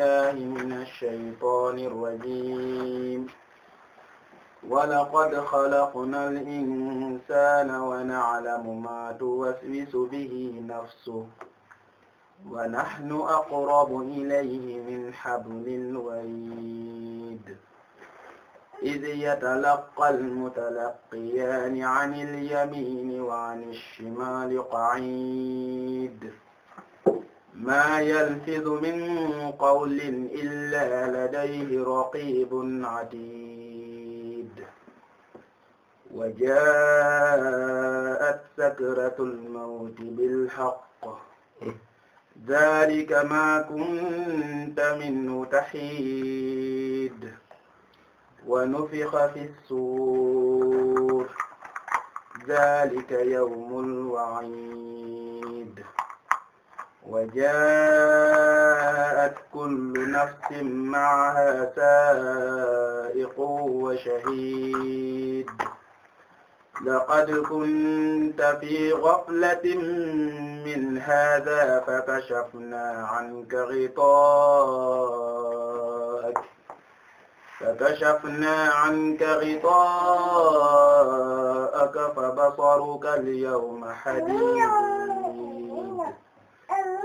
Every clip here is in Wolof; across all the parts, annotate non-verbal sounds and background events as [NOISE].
بالله من الشيطان الرجيم ولقد خلقنا الإنسان ونعلم ما توسوس به نفسه ونحن أقرب إليه من حبل الوريد إذ يتلقى المتلقيان عن اليمين وعن الشمال قعيد ما يلفظ من قول إلا لديه رقيب عتيد وجاءت سكرة الموت بالحق ذلك ما كنت منه تحيد ونفخ في الصور ذلك يوم الوعيد wa jaa'at kullu nafsin ma'ahaa saa'iqun wa shahiid laqad kunta fii ghaflatin min haadhaa fakashafnaa anka ghitaa'ak فكشفنا عنك غطاءك فبصرك اليوم حديد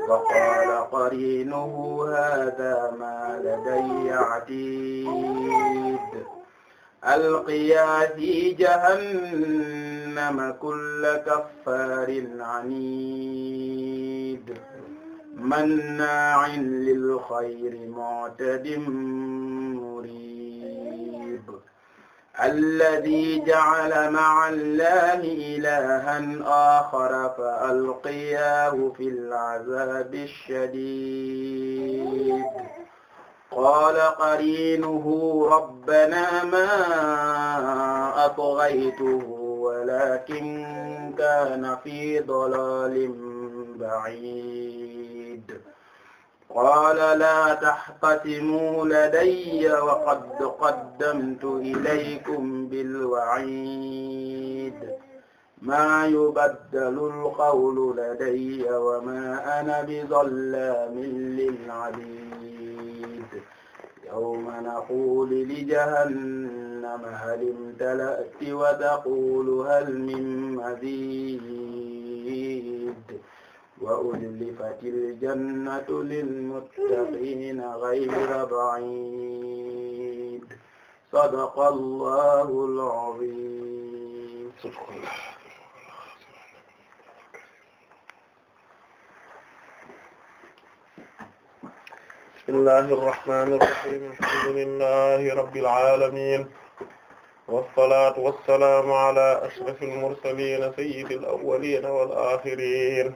وقال قرينه هذا ما لدي عتيد ألقيا في جهنم كل كفار عنيد مناع للخير معتد الذي جعل مع الله إلها آخر فألقياه في العذاب الشديد قال قرينه ربنا ما أطغيته ولكن كان في ضلال بعيد qaala laa taxtasimuu ladayya wa qad qaddamtu ilaykum bilwaciid maa yubaddalu alqawlu ladayya wa maa ana bizallaamin lilcabiid yawma naquulu lijahannama hal imtala'ti wa taquulu hal min maziid وأزلفت الجنة للمتقين غير بعيد صدق الله العظيم صدق الله بسم الله الرحمن الرحيم الحمد لله رب العالمين والصلاة والسلام على أشرف المرسلين سيد الأولين والآخرين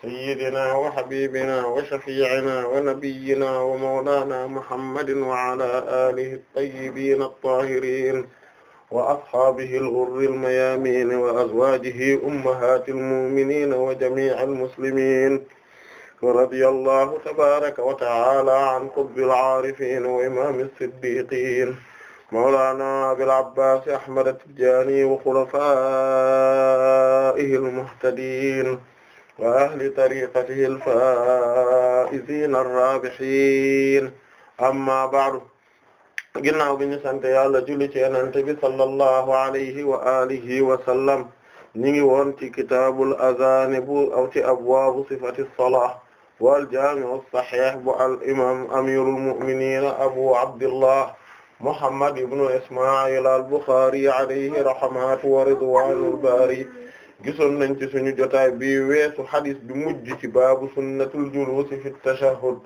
sayyidina wa habibina wa shafi'ina wa nabiyyina wa mawlana muhammadin wa ala alihi at-tayyibin at-tahirin wa ashabihi al-ghurri al-mayamin wa azwajihi ummahati al-mu'minin wa jami'i al-muslimin wa radiyallahu tabaraka wa ta'ala an qutbi al-'arifin wa imam as-siddiqin mawlana abil abbas ahmad at-tijani wa khulafa'ihi al-muhtadin wa ahli tariqatihi al-faa'iziina ar-raabihiin amma ba'du ginnaaw bi ñu sant yàlla julli ci Yonent bi sallallahu alayhi wa alihi wa sallam ñu ngi woon ci kitaabul azaan bu aw ci abwaabu sifati salaah wal jaami'u saxiix bu al imaam amirul mu'miniina abu abdillah muhammad ibnu isma'il al buxaari alayhi rahmatu wa ridwaanul baari gisoon nañ ci suñu jotaay bi weesu xadis bi mujj ci baabu sunnatul julusi fi tashahhud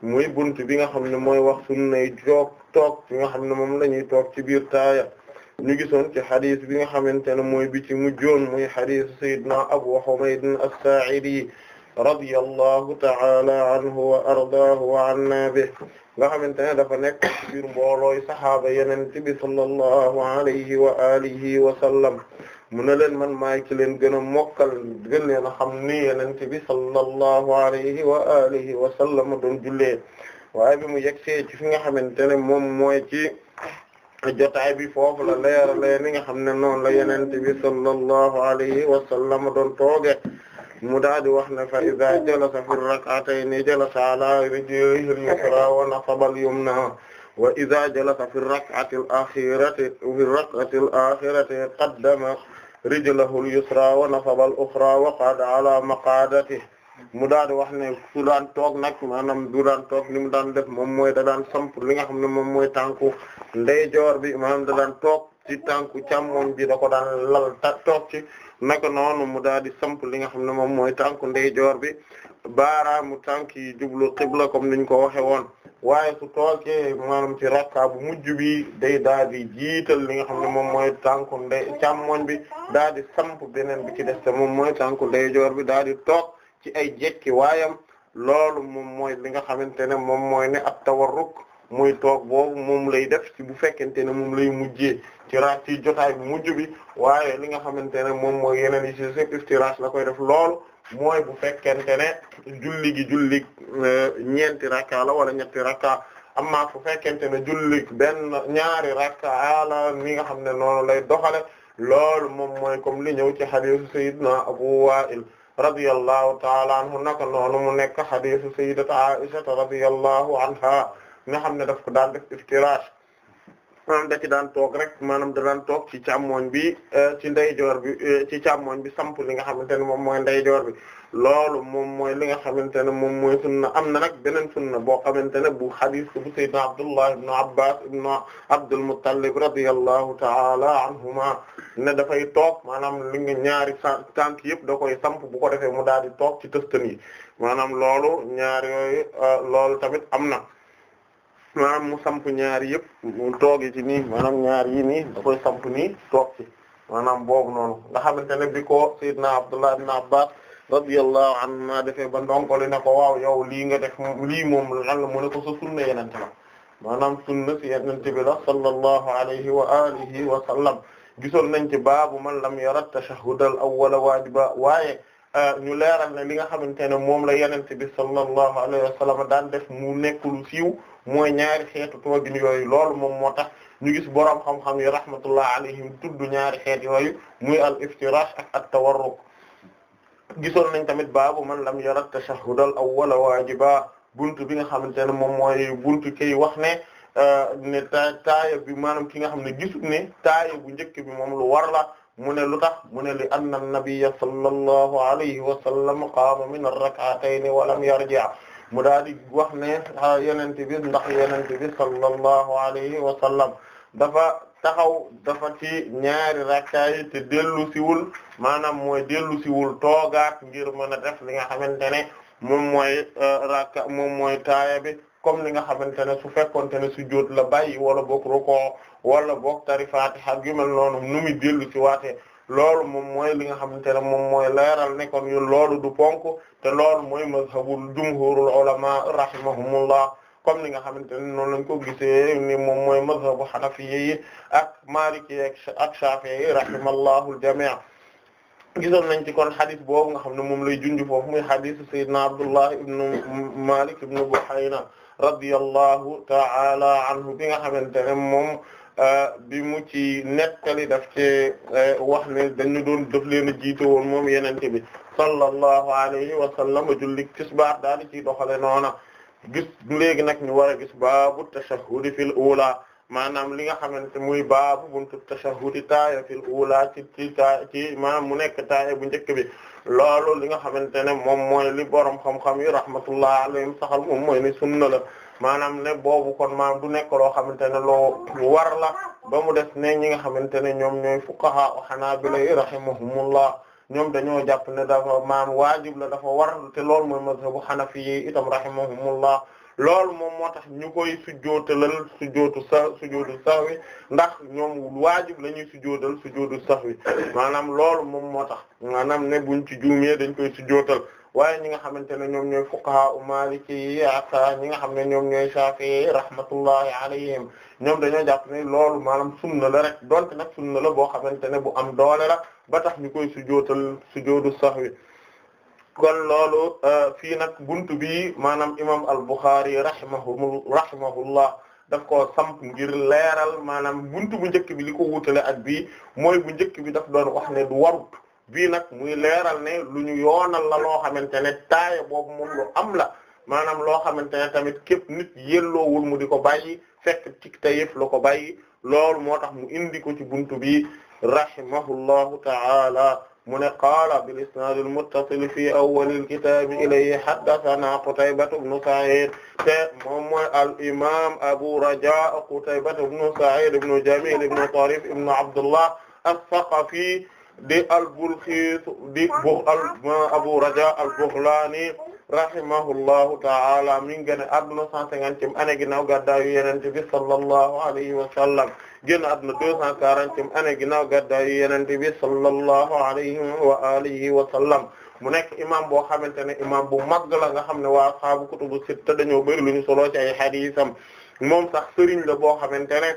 muy bunt bi nga xam ne mooy wax sunnay joog toog bi nga xam ne moom la ñuy toog ci biir taaya ñu gisoon ci xadis bi nga xamante ne mooy bi ci mujjoon muy xadis sayyidina Abu Humayd as-Sa'idi radiyallahu ta'ala wa ardaahu wa anna bihi nga xamante ne dafa nekk ci biir mboolooy saxaaba yeneen bi sallallahu alayhi wa alihi wa sallam mu ne leen man maay ci leen gën a mokkal gën leen a xam ni yonent bi sallallahu alayhi wa alihi wa sallam doon jullee waaye bi mu yegsee ci fi nga xamante ne moom mooy ci jotaay bi foofu la leeralee ni nga xam ne noonu la yonent bi sallallahu alayhi wa sallam doon tooge mu daal di wax ne fa iza jalasa fi rak'atayni jalasa ala rijlihi al-yusra wa nasaba al-yumna wa iza jalasa fi rak'ati al-akhirati fi rak'ati al-akhirati qaddama rijlahul yusra wa nasabal ukhra wa qad ala maqadatihi mu daal di wax ne su daan toog nag maanaam du toog ni mu daan def moom mooy da daan samp li nga xam ne moom mooy tànku ndeyjoor bi maanaam da daan toog ci tànku càmmoñ bi da ko daan lal ta toog ci naka noonu mu daal di samp li nga xam ne moom mooy tànku ndeyjoor bi baaraamu tànk yi jublu qibla comme niñ ko waxe woon waaye su toogee maanaam ci rakka bu mujj bi day daal di jiital li nga xam ne moom mooy tànku ndey càmmoñ bi daal di samp beneen bi ci des te moom mooy tànku ndeyjoor bi daal di toog ci ay jekki waayam loolu moom mooy li nga xamante ne moom mooy ne at tawarruk muy toog boobu moom lay def ci bu fekkente ne moom lay mujjee ci raak ci jotaay bu mujj bi waaye li nga xamante ne moom mooy yeneen yi ci seen istiraas la koy def loolu mooy bu fekkente ne julli gi euh, ñeenti rakka la wala ñetti rakka amma bu fekkente ne julli benn ñaari rakka la ni nga xam ne noonu lay doxale lool moom mooy comme li ñëw ci hadiisu sayyidina Abu Wa'il radiyallahu ta'ala anhu naka noonu mu nekk hadiisu sayyidati Aisha radiyallahu anha nga xam ne daf ko daan maanaam da ci daan toog rek maanaam da daan toog ci càmmooñ bi eh, ci ndeyjoor bi eh, ci càmmooñ bi samp li nga xamante ne moom mooy ndeyjoor bi loolu moom mooy li nga xamante ne moom mooy sunna am na nag beneen sunna boo xamante ne bu hadith bu sayyidina Abdullah ibn Abbas ibn Abdul Muttalib radiyallahu ta'ala anhuma ne dafay toog maanaam li nga ñaari tànk yëpp da koy samp bu ko defee mu daal di toog ci tëstan yi maanaam loolu ñaar yooyu eh, loolu tamit am na maanaam mu samp ñaari yëpp mu toogi ci nii maanaam ñaar yi nii da koy samp nii toog maanaam boobu noonu nga xamante ne bi ko sayyidna Abdullah ibn Abbas radiyallahu anhuma defee ba ndonkoli ne ko waaw yow lii nga def lii moom lan la mu ko sa sunna yenente la maanaam sunna si yenente bi la sallallahu alayhi wa alihi wa sallam gisoon nañ ci baabu man lam yara tashahhud al awwala waajiba waaye euh, ñu leeral ne li nga xamante ne moom la yenente bi sallallahu alayhi wa sallam daan def mu nekk lu siw mooy ñaari xeetu toogin yooyu loolu moom moo tax ñu gis boroom xam-xam yi rahmatullah alayhim tudd ñaari xeet yooyu muy al iftirash ak at tawarruk gisoon nañ tamit baabu man lam yara tashahhud al awwal waajiba buntu bi nga xamante ne moom mooy buntu kay wax ne euh, ne bi maanaam ki nga xam ne gisul ne bu njëkk bi moom lu war la mu ne lu tax mu ne li anna nabiyya sallallahu alayhi wa sallam qaama min ar-rak'atayn wa lam yarji' mu daal di wax ne yenente bi ndax yenente bi sallallahu alayhi wa sallam dafa taxaw dafa ci ñaari rakkaa te dellu siwul maanaam mooy dellu siwul toogaat ngir mën a def li nga xamante ne moom mooy euh, rakka moom mooy taaya bi comme li nga xamante ne su fekkonte ne sujjóot la bàyyi wala boog rukoo wala boog tari faatiha yu mel nu muy dellu si waate loolu moom mooy li nga xamante ne moom mooy leeral ne kon ñun loolu du ponk te loolu mooy mazhabul jumhurul ulama rahimahumullah comme li nga xamante ne noonu lañ ko gisee ni moom mooy mazhabu hanafiyyi yi ak maliki ak shafi'i yi rahimallahul jami' gisoon nañ ci kon xadis boobu nga xam ne moom lay junj foofu muy xadisu sayyidina abdullah ibnu malik ibnu buhayna radiyallahu ta'ala anhu bi nga xamante ne moom bi mu ci nettali daf ci eh, wax ne dañu doon def leen a jiite woon moom yenente bi sallallahu alayhi wa sallam julli tisbaar daal di ciy doxale noona gis léegi nag ñu war a gis baabu tashahhud fil ula maanaam li nga xamante muy baabu buntu tashahhud taaya fil ula ci ci ci maanaam mu nekk taaya bu njëkk bi loolu li nga xamante ne moom mooy li borom xam-xam yi rahmatullah alayhim saxal moom mooy ni sunna la maanaam ne boobu kon maanaam du nekk loo xamante ne loo war la ba mu des ne ñi nga xamante ne ñoom ñooy fuqaha wa hanabila rahimahumullah ñoom dañoo jàpp ne dafa maam waajib la dafa war te loolu mooy mazhabu hanafi yi itam rahimahumullah loolu moom moo tax ñu koy sujjootalal sujjootu sa sujjootu sahwi ndax ñoom waajib la ñuy sujjootal sujjootu wi maanaam loolu moom moo tax maanaam ne buñ ci juumee dañ koy sujjootal waaye ñi nga xamante ne ñoom ñooy fuqaha u maliki ak ñi nga xam ne ñoom ñooy shafi'i rahmatullahi alayhim ñoom dañoo jàpp ne loolu maanaam sunna la rek donte nag sunna la boo xamante ne bu am doole la ba tax ñu koy sujootal sujoodu sahwi kon loolu euh, fii nag buntu bi maanaam imam al-Bukhari rahimahu rahimahullah daf ko samp ngir leeral maanaam buntu bu njëkk bi li ko wutale ak bi mooy bu njëkk bi daf doon wax ne du warut bii nag muy leeral ne lu ñu yoonal la loo xamante ne taaya boobu moom lu am la maanaam loo xamante ne tamit képp nit yelloowul mu di ko bàyyi fekk ci tayëf la ko bàyyi loolu moo tax mu indi ko ci buntu bi rahimahullahu ta'ala mu ne qaala bil isnaad al muttasil fi awwal al kitaab ilayhi haddathanaa Qutaybatu ibnu Sa'iid te moom mooy al imaam Abu Rajaa Qutaybatu ibnu Sa'iid ibnu Jamiil ibnu Tariif ibnu Abdullah as-Saqafi di al-Balkhi di bu al Abu Raja al-Baghlani rahimahullahu ta'ala mi ngi génn àdduna 150 ane ginnaaw gàddaayu Yonent bi sallallahu alayhi wa sallam génn àdduna 240 ane ginnaaw gàddaayu Yonent bi sallallahu alayhi wa alihi wa sallam mu nekk imam boo xamante ne imam bu mag la nga xam ne waa xaabu kutubu sitta dañoo bëri lu ñu solo ci ay hadiisam moom sax sëriñ la boo xamante ne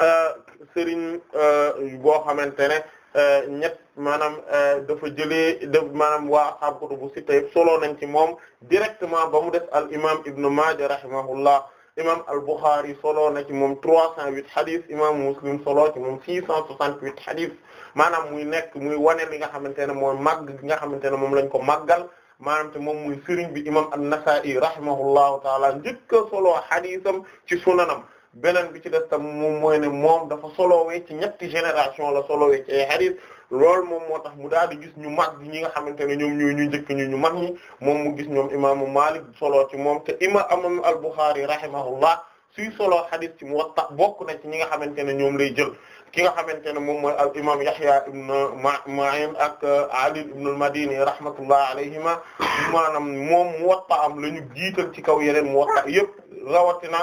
euh, sëriñ euh, boo xamante ne. Euh, ñett maanaam euh, dafa jëlee de maanaam waa ashab kutubu sitta yëpp solo nañ ci moom directement ba mu def al imam ibnu Maaja rahimahullah imam al Bukhari solo na ci moom trois cent huit hadith imam Muslim solo ci moom six cent soixante huit hadith maanaam muy nekk muy wane li nga xamante ne mooy màgg gi nga xamante ne moom lañ ko màggal maanaam te moom muy sëriñ bi imam an-Nasa'i rahimahullahu taala njëkk a solo haditham ci sunanam beneen bi ci des tam moom mooy ne moom dafa solowee ci ñetti génération la solowee ci ay hadith loolu moom moo tax mu daal di gis ñu mag ñi nga xamante ne ñoom ñooy ñu njëkk ñu ñu mag ñi moom mu gis ñoom imaamu Maalik solo ci moom te imaamu al-Bukhari rahimahullah suy solo hadith mu Muwatta bokk na ci ñi nga xamante ne ñoom lay jël ki nga xamante ne moom mooy al imaam Yahya ibn Ma'in ak Ali ibn al-Madini rahmatullah alayhima maanaam moom Muwatta am la ñu jiital ci kaw yeneen Muwatta yëpp rawatina.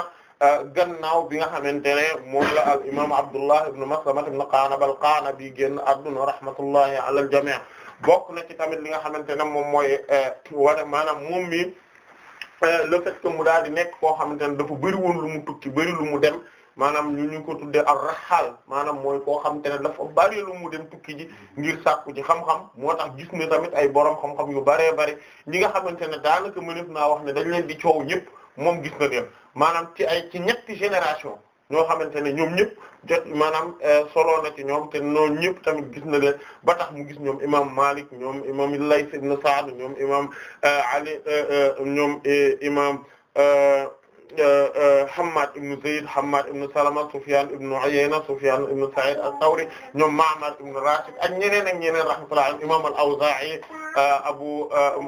gannaaw bi nga xamante ne moom la al imam Abdullah ibn Maslama ibn Qa'nab al-Qa'nabi génn adduna rahmatullahi ala al-jami' bokk na ci tamit li nga xamante ne moom mooy eh, wala maanaam moom mi eh, le fait mu daal di nekk koo xamante ne dafa bëri lu mu tukki bëri lu mu dem maanaam ñu ñu ko tuddee ar-rahal maanaam mooy koo xamante ne dafa bari lu mu dem tukki ji ngir sàkku ji xam-xam moo tax gis ne tamit ay borom xam-xam yu bëree bëri ñi nga xamante ne daanaka mëneef naa wax ne dañ leen di coow ñëpp moom gis na leen maanaam ci ay ci ñetti génération ñoo xamante ne ñoom ñëpp jot maanaam euh, solo na ci ñoom te noonu ñëpp tamit gis na leen ba tax mu gis ñoom imam Malik ñoom imam Layth ibn Sa'd ñoom imam euh, Ali euh, ñoom imam Hammad ibn Zayd Hammad ibn Salama Sufyan ibn Uyayna Sufyan ibn Sa'id al-Thawri ñoom Ma'mar ibn Rashid ak ñeneen ak ñeneen rahmatullahi imam al-Awza'i Euh, euh, abu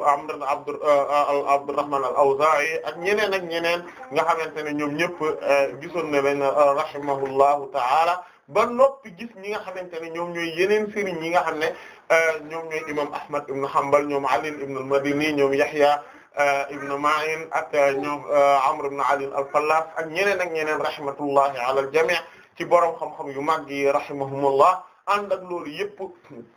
amr abdu euh, abdurrahman al-awza'i ak ñeneen ak ñeneen nga xamante ne ñoom ñëpp gisoon na leen rahimahullahu ta'ala ba noppi gis ñi nga xamante ne ñoom ñooy yeneen sëriñ ñi nga xam ne ñoom ñooy imam ahmad ibn hanbal ñoom ali ibn al-madini ñoom yahya ibn ma'in ak ñoom amr ibn ali al-fallas ak ñeneen ak ñeneen rahmatullahi ala al-jami' ci borom xam-xam yu mag yi rahimahumullah ànd ak loolu yëpp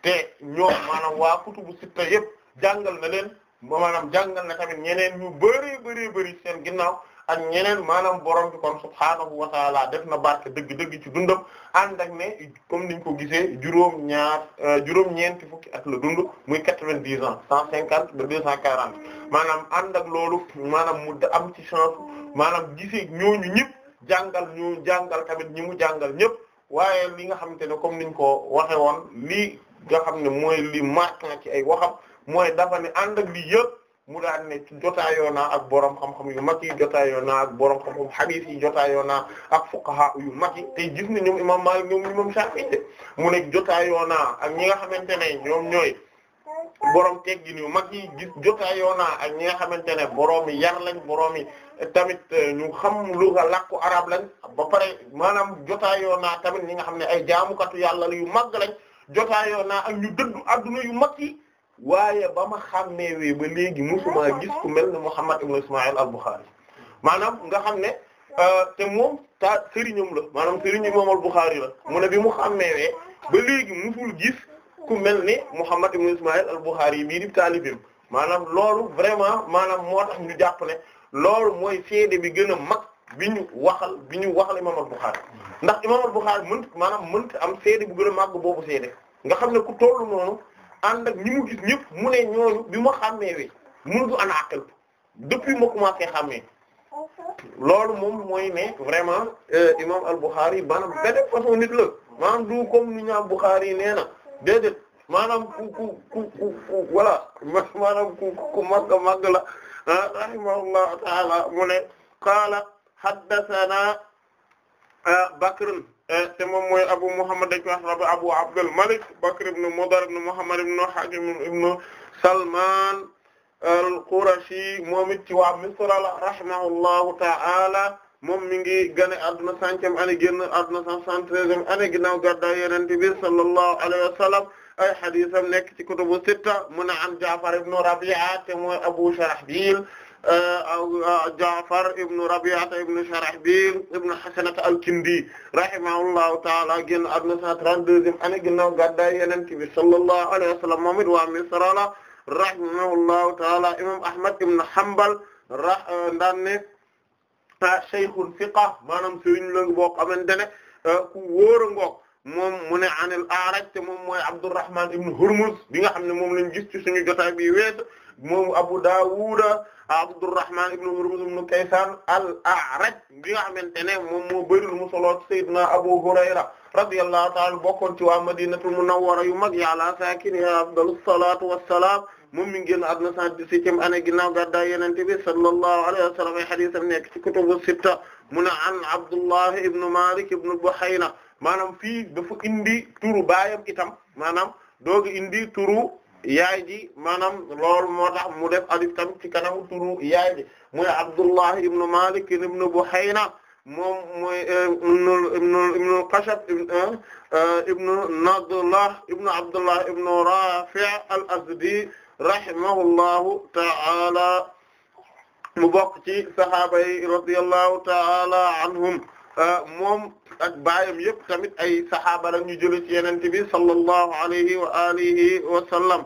te ñoom maanaam waa kutubu sitta yëpp jàngal na leen maanaam jàngal na tamit ñeneen ñu bëree bëree bëri seen ginnaaw ak ñeneen maanaam borom bi kon subhaanahu wa taala def na barke dëgg-dëgg ci dundam ànd ak ne comme niñ ko gisee juróom ñaar euh, juróom-ñeenti fukki at la dund muy quatre-vingt-dix ans cent cinquante ba deux cent quarante maanaam ànd ak loolu maanaam mu am ci chance maanaam gisee ñooñu ñëpp jàngal ñu jàngal tamit ñi mu jàngal ñëpp waaye li nga xamante ne comme niñ ko waxe woon lii nga xam ne mooy li màcc na ci ay waxam mooy dafa ne ànd ak lii yëpp mu daan ne jotaayoo naa ak borom xam-xam yu mag yi jotaayoo naa ak borom xam-xam hadith yi jotaayoo naa ak fuqaha yu mag yi tey gis ne ñoom imam Maalik ñoom imam de mu ne jotaayoo naa ak ñi nga xamante ne ñoom ñooy borom gin yu mag yi gis jotaayoo naa ak ñi nga xamante ne borom yi yar lañ borom yi tamit euh, ñu xam lu nga làkku arab lañ ba pare maanaam jotaayoo naa tamit ñi nga xam ne ay jaamukatu yàlla yu mag lañ jotaayoo naa ak ñu dëddu adduna yu mag yi waaye ba ma xàmmeewee ba léegi musuma gis ku mel ni ne Muhammad ibn Ismaïl al-Bukhari maanaam nga xam ne euh, te moom ta sëriñam la maanaam sëriñu moom al-Bukhari la mu ne bi ba léegi musul gis ku mel ne Muhammad ibn Ismaïl al-Bukhari bii di taalibim maanaam loolu vraiment maanaam moo tax ñu jàpp ne loolu mooy seede bi gën a mag bi ñu waxal bi ñu waxal imam al-Bukhari ndax imam al-Bukhari mënut maanaam mënut am seede bu gën a mag boobu seede nga xam ne ku tollu noonu ànd ak ñi mu gis ñëpp mu ne ñooñu bi ma xàmmee wi mënutu an aqal depuis ma commencé xàmmee loolu moom mooy ne vraiment euh, imam al-Bukhari maanaam benn façon nit la maanaam du comme ni ñaam Bukhari nee na déedéet maanaam ku ku ku ku voilà [LAUGHS] maanaam ku ku màgg màgg la rahimahullahu ta'ala mu ne qaala haddathana Bakr te moom mooy Abu Muhammad dañ koy wax Abu Abdul Malik Bakr ibn Mudar ibn Muhammad ibn Hakim ibn Salman al-Qurashi moom it ci waa Misra rahimahullahu ta'ala moom mi ngi gane adduna centième année génn adduna cent soixante-treizième année ginnaaw gàddaay Yonent bi sallallahu alayhi wa sallam ay hadiisam nekk ci kutubu sitta mu an Ja'far ibn Rabi'a te mooy Abu Sharahbil euh, euh, Ja'far ibn Rabi'a ibn Sharahbil ibn Hasanata al-Kindi rahimahullahu ta'ala génn adduna cent trente-deuxième année ginnaaw gàddaay Yonent bi sallallahu alayhi wa sallam moom it waa Misra la ta'ala imam Ahmad ibn Hanbal euh, shaykhun thiqa maanaam sëriñ la boo xamante ne euh, ku wóor a ngoog moom mu ne anil A'raj te moom mooy Abdurrahman ibn Hurmuz bi nga xam ne moom lañ gis ci suñu jotaay bi weesu moom Abu Dawud Abdurrahman ibn Hurmuz ibn Kaysan al-A'raj bi nga xamante ne moom moo bëri lu mu solo Seydina Abu Hurayra radiyallahu ta'ala bokkoon ci waa Madinatul Munawwara yu mag yàlla saakinihaa afdalu salaatu wassalaam moom mi ngi génn àdduna 117e année ginnaaw gàddaay Yonent bi sallallahu alayhi wa sallam ay mu ne an Abdullah ibn Malik ibn Buhayna maanaam fii dafa indi turu baayam itam maanaam dooga indi ya yaay ji maanaam loolu moo mu def alif tam ci kanam turu yaay ji muy Abdullah ibn Malik ibn Buhayna moom mooy eh, ibn ibn ibn Qashab eh, eh, al-Azdi rahimahullahu ta'ala mu bokk ci sahaaba yi radiyallahu ta'ala anhum euh, moom ak baayam yëpp tamit ay sahaaba la ñu jële ci yeneen bi sallallahu alayhi wa alihi wa sallam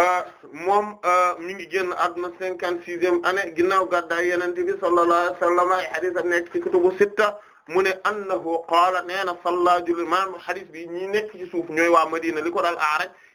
euh, moom euh, mi ngi génn àdduna cinquante-sixième année ginnaaw gàddaay yeneen bi sallallahu alayhi ay hadith am kutubu sitta mu ne annahu qaala nee na salla julli maanaam hadith bi ñi nekk ci suuf ñooy waa Madina li ko daal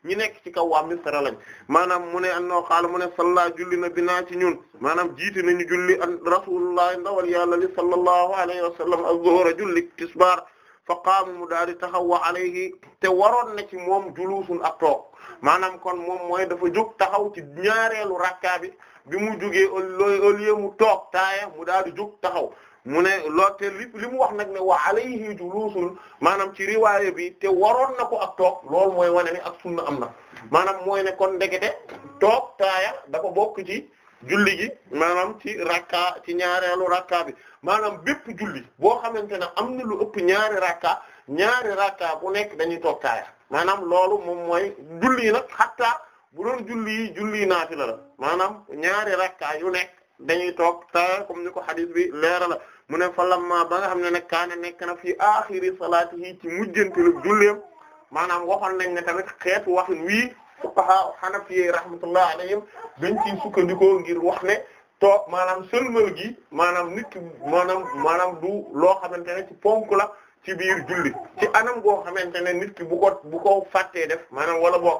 ñi nekk ci kaw waa Misra lañ maanaam mu ne annoo xaala mu ne salla julli na binaa ci ñun maanaam jiite ñu julli an rasulullah ndawal yàlla li sallallahu alayhi wa sallam az-zuhra julli tisbaar fa qaama mu daal di taxaw wa alayhi te waroon na ci moom juluusun ak toog maanaam kon moom mooy dafa jóg taxaw ci ñaareelu rakkaa bi bi mu jógee au mu toog taaya mu daal di jóg taxaw mu ne lool te li li mu wax nag ne wa alayhi juluusul maanaam ci riwaaya bi te waroon na ko ak toog loolu mooy wane ni ak sunna am na maanaam mooy ne kon ndegete toog taaya dafa bokk ci julli gi maanaam ci rakka ci ñaareelu rakka bi maanaam bépp julli boo xamante ne am na lu ëpp ñaari rakka ñaari rakka bu nekk dañuy toog taaya maanaam loolu moom mooy julli nag xatta bu doon julli yi julli naafila la maanaam ñaari rakka yu nekk dañuy toog ta comme ni ko xadis bi leera la mu ne fa lamma ba xam ne nag kaana nekk na fi axiri salaatihi ci mujjantalu julleem maanaam waxoon nañ ne tamit xeetu waxin wii fuqaha hanafiyyi rahmatullah alayhim dañ ciy sukkandikoo ngir wax ne toog maanaam sëlmal gi maanaam nit ki maanaam maanaam du loo xamante ne ci ponk ci biir julli ci anam goo xamante ne nit ki bu ko bu ko fàttee def maanaam wala boog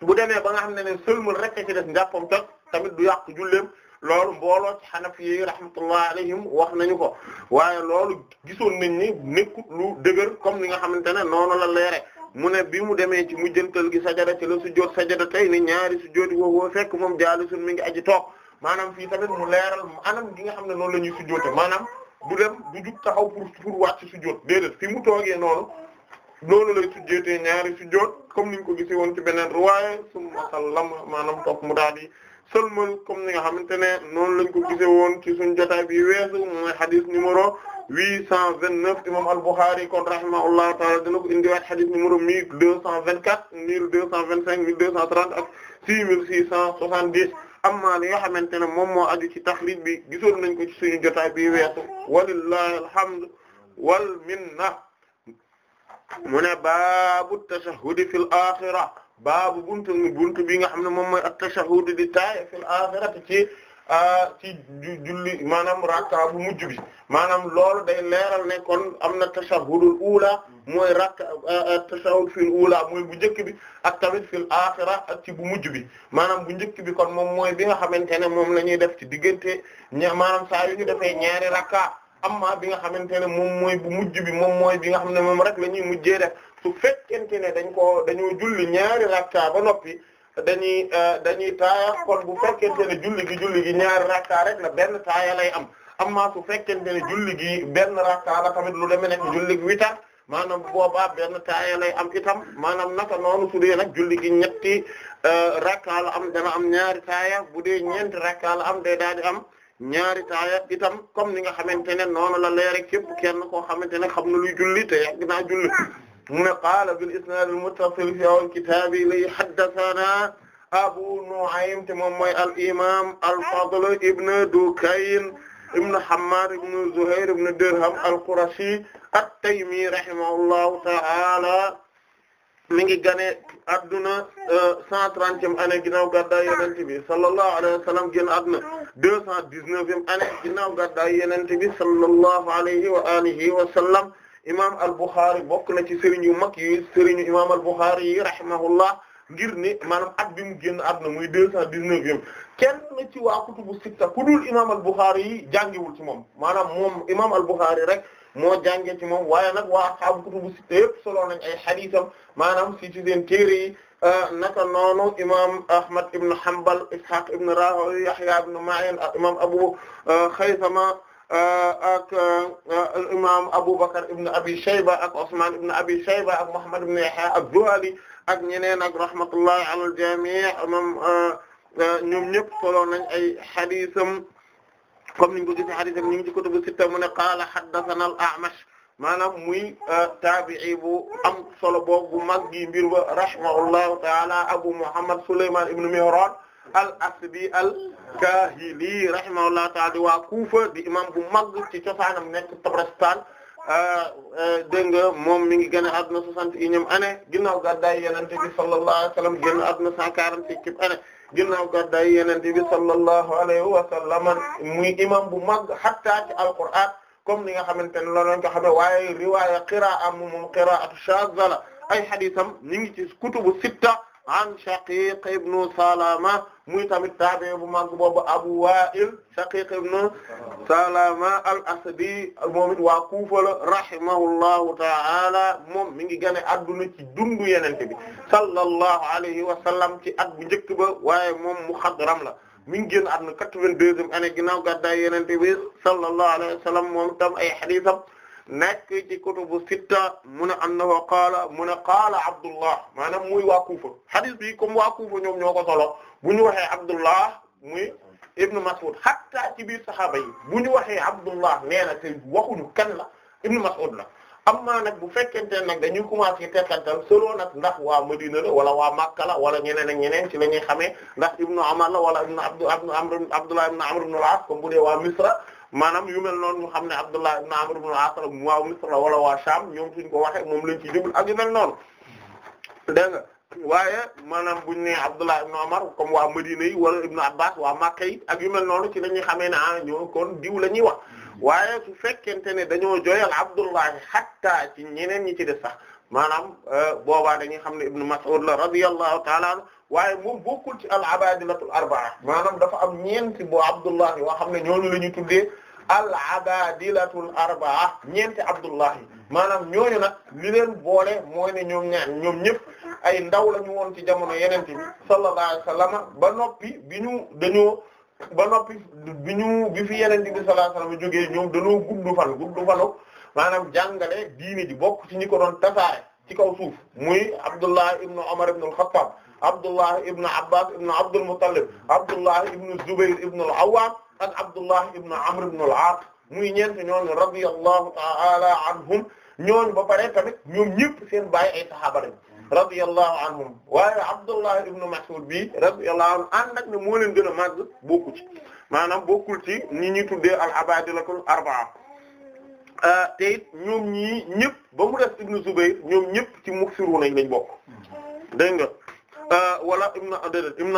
bu demee ba nga xam ne ne sëlmal rek ci def njàppam toj tamit du yàq julleem loolu mbooloo ci xanafi yi rahmatullah alayhim wax nañu ko waaye loolu gisoon nañ ni nekkut lu dëgër comme ni nga xam ne noonu la leere mu ne bi mu demee ci mujjantal gi sajada ci la sujjóot sajada tey ni ñaari sujjóoti woo fekk moom jaalisun mi ngi aji toog maanaam fii tamit mu leeral anam gi nga xam ne noonu la ñuy sujjóote maanaam du dem du jug taxaw pour pour wàcc sujjóot déedéet fi mu toogee noonu noonu lay sujjóotee ñaari sujjóot comme niñ ko gisee woon ci beneen riwaaya summa sallama maanaam toog mu daal sëlmal comme ni nga xamante ne noonu lañ ko gise woon ci suñ jotaay bi weesu mooy hadith numéro huit cent vingt neuf imam al-Bukhari kon rahimahullahu taala dina ko indiwaat hadith numéro mille deux cent vingt quatre mille deux cent vingt cinq mille deux cent trente ak six mille six cent soixante dix amma li nga xamante ne moom moo aju ci taxrij bi gisoon nañ ko ci suñu jotaay bi weesu walillahi alhamdu wal minna mu ne baabu tashahhudi fil axira baabu buntu buntu bi nga xam ne moom mooy at-tashahhud di taaya fil aaxirati ci ci julli maanaam rakka bu mujj bi maanaam lool day leeral ne kon am na tashahhudul uula mooy rakka tashahhud fil uula mooy bu njëkk bi ak tamit fil aaxira ak ci bu mujj bi maanaam bu njëkk bi kon moom mooy bi nga xamante ne moom la ñuy def ci diggante ña maanaam saa yu ñu defee ñaari rakka. amma bi nga xamante ne moom mooy bu mujj bi moom mooy bi nga xam ne moom rek la ñuy mujjee def su fekkente ne dañ ko dañoo julli ñaari rakka ba noppi dañuy euh, dañuy taaya kon bu fekkente ne julli gi julli gi ñaari rakka la benn taaya lay am amma su fekkente ne julli gi benn rakka la tamit lu demee nekk julli gi witar maanaam boobaa benn taaya lay am itam maanaam naka noonu su dee nag julli gi ñetti euh, rakka la am dana am ñaari taaya bu dee ñeenti rakka la am day daal di am. ñaari taaya itam comme ni nga xamante ne noonu la leere képp kenn koo xamante ne xam na luy julli te yàgg naa julli mu ne qaala bil isnaad al muttasil fi awal kitaab li haddathana Abu Nu'aym te moom mooy al imam al Fadl ibn Dukayn ibn Hammad ibn Zuhair ibn Dirham al Qurashi at-Taymi rahimahullahu ta'ala mi ngi gane adduna euh, cent trentième année ginnaaw gàddaay yenente bi sallallahu alayhi wa sallam génn adduna deux cent dix-neuvième année ginnaaw gàddaay yenente bi sallallahu alayhi wa alihi wa sallam imam al-Bukhari bokk na ci sëriñ yu mag yi sëriñu imam al-Bukhari yi rahimahullah ngir ni maanaam at bi mu génn muy deux cent dix-neuvième kenn na ci waa kutubu sitta ku dul imam al-Bukhari yi jàngiwul ci moom maanaam moom imam al-Bukhari rek moo jàngee ci moom waaye nag waa ashaabu kutubu sitta yëpp solo nañ ay xadiisam maanaam si ci seen téere yi euh, naka noonu imaam Ahmad ibn Hanbal Ishaq ibn Rahowi Yahya ibn Ma'in ak imaam Abu Khaysama euh, euh, ak imaam Abu Bakr ibn Abi Shayba ak Usman ibn Abi Shayba ak Muhammad ibn Yahya ak ñeneen ak ala al-jami' moom ñoom solo nañ ay xadiisam. comme niñ ko gisee hadith am ñu ngi ci kutubu sitta mu ne qaala haddathana al-A'mash maanaam muy euh, taabi'i bu am solo boobu bu mag gi mbir ba rahimahullahu ta'ala Abu Muhammad Sulaymaan ibn Mihraan al-Asbi al-Kaahili rahimahullahu ta'ala di waa Kuufa di imam bu mag ci cosaanam nekk Tabaristan Ah, eh, dégg nga moom mi ngi génn àdduna soixante et unième année ginnaaw gàddaay Yonent bi sallallahu alayhi wa sallam génn àdduna cent quarante-cinquième année ginnaaw gàddaay Yonent bi sallallahu alayhi wa sallam muy imam bu mag hatta ci alqur'aan comme ni nga xamante ne loolu lañ ko xamee waaye riwaaya qiraa moom moom qiraa'atu shaadha la ay hadiisam ñu ngi ci kutubu sitta an Shaqiq ibnu Salama muy tamit taabi'i bu mag boobu Abu Wa'il Shaqiq ibn Salama al-Asadi moom it waa Kufa la rahimahullahu ta'ala moom mi ngi gane adduna ci dundu Yonent bi sallallahu alayhi wa sallam ci at bu njëkk ba waaye moom ram la mi ngi génn adduna quatre-vingt-deuxième année ginnaaw gàddaay Yonent bi sallallahu alayhi wa sallam moom tam ay hadiisam nekk ci kutubu sitta mu ne annahu qaala mu ne qaala Abdullah maanaam muy waa Kufa hadith bi comme waa Kufa ñoom ñoo ko solo bu ñu waxee Abdullah muy Ibn Mas'ud hatta ci biir saxaaba yi bu ñu waxee Abdullah nee na te waxuñu kan la Ibn Mas'ud la amma nag bu fekkente nag dañuy commencé tekkatal solo nag ndax waa Madina la wala waa Makka wala ñeneen ak ñeneen ci la ñuy xamee ndax Ibn Umar la wala Ibn Abd Amr Abdullah ibn Amr ibn al-As comme bu dee waa Misra. maanaam yu mel noonu ñu xam ne Abdullah ibn Amr ibn al wa waa wala wa Sham ñoom suñ ko waxee moom lañ ci jublu ak yu mel noonu dégg nga waaye maanaam buñ ne Abdullah ibn Umar comme waa Madina yi wala ibn Abbas waa Makka yi ak yu mel noonu ci la ñuy xamee ne ah ñoo kon diw la ñuy wax waaye su fekkente ne dañoo joyal Abdullahi hatta ci ñeneen ñi ci def sax maanaam euh, boobaa dañuy xam ne Ibn Mas'ud la radiyallahu ta'ala anhu waaye moom bokkul ci al-abadilatul arba'a maanaam dafa am ñeenti boo Abdullahi yoo xam ne ñooñu la ñuy tuddee al-abaadilatul arbaa ñeenti Abdullahi maanaam ñooñu nag li boole mooy ne ñoom ñëpp ay ndaw la ñu ci jamono yeneen bi sallallahu alayhi ba noppi bi ñu dañoo ba noppi bi ñu bi fi yeneen bi sallallahu alayhi wa sallam jógee ñoom dañoo gudd fan gudd fanu maanaam jàngale diini di bokk ci ñi ko doon tasaare ci kaw muy Abdullah ibn Umar ibn al-Khattab Abdullah ibn Abbas ibn Abdul Muttalib ibn Zubayr ibn al ak Abdullah ibn Amr ibn al-As muy ñeent ñooñu radiyallahu ta'ala anhum ñooñu ba pare tamit ñoom ñëpp seen baay ay saxaaba lañu radiyallahu anhum waaye Abdullah ibn Mas'ud bi radiyallahu anhu ànd ak ne moo leen gën a màgg bokku ci maanaam bokkul ci ñi ñuy tuddee al-abadilatul arbaa ah, te it ñoom ñii ñëpp ba mu def ibnu Zubayr ñoom ñëpp ci muksiru nañ lañ bokk mm-hmm. dégg nga ah, wala ibnu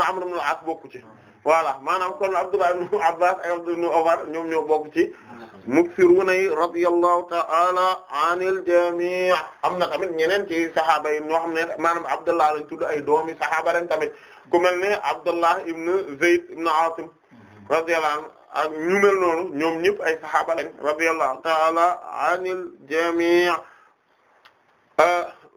Amr ibn al-As bokku ci voilà maanaam kon Abdullah ibn Abbas ak Abdullah ibn Umar ñoom ñoo bokk ci muksiruna yi radiyallahu ta'ala anil jami' am na tamit ñeneen ci sahaaba yi ñoo xam ne maanaam Abdullah lañ tudd ay doomi sahaaba lañ tamit ku mel ne Abdullah ibn Zayd ibn Asim radiyallahu anhu ak ñu mel noonu ñoom ñëpp ay sahaaba lañ radiyallahu ta'ala anil jami'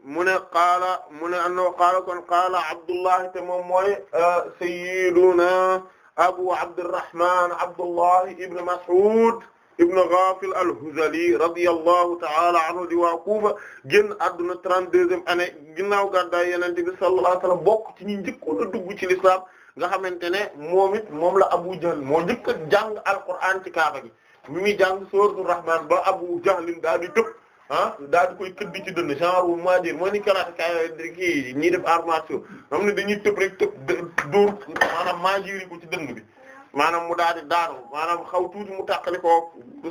mu ne qaala mu ne annahu qaala kon qaala Abdullahi te moom mooy euh, sayyiduna Abu Abdurrahman Abdullahi Ibn Mas'ud Ibn Ghafil al-Huzali radiyallahu ta'ala anhu di waa Kufa génn àdduna 32e année ginnaaw gàddaay Yonent bi sallallahu alayhi wa sallam bokk ci ñi njëkkoon a dugg ci l'islam nga xamante ne moom it moom la Abu Jahl moo njëkk a jàng Alqur'an ci Kaaba gi mi muy jàng suuratul Rahmaan ba Abu Jahl daal di tëb. ah daal di koy këddi ci dënn genre wu maajir moo ni karateka kii ñiy def armation xam ne dañuy tëb rek tëb dóor maanaam ko ci dënn bi maanaam mu daal di daanu maanaam xaw tuuti mu tàqali ko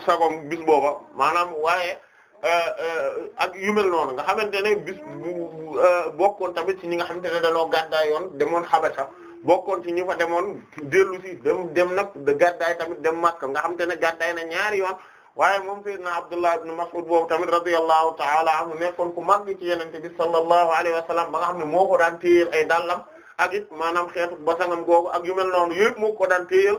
sagom bis booba maanaam waaye euh, euh, ak yu mel nga xamante ne bis bu euh, bokkoon tamit ci ñi nga xamante ne dañoo gàddaay yoon demoon xaba xabata bokkoon ci ñi fa demoon dellu si dem dem nag gàddaay tamit dem Makka nga xamante ne gàddaay na ñaari yoon waaye moom sayyidna Abdullah ibn Mas'ud boobu tamit radiyallahu ta'ala anhu nekkoon ku mag ci Yonent bi sallallahu alayhi wa sallam ba nga xam ne moo ko daan téyeel ay dàllam ak it maanaam xeetu basangam googu ak yu mel noonu yëpp moo ko daan téyeel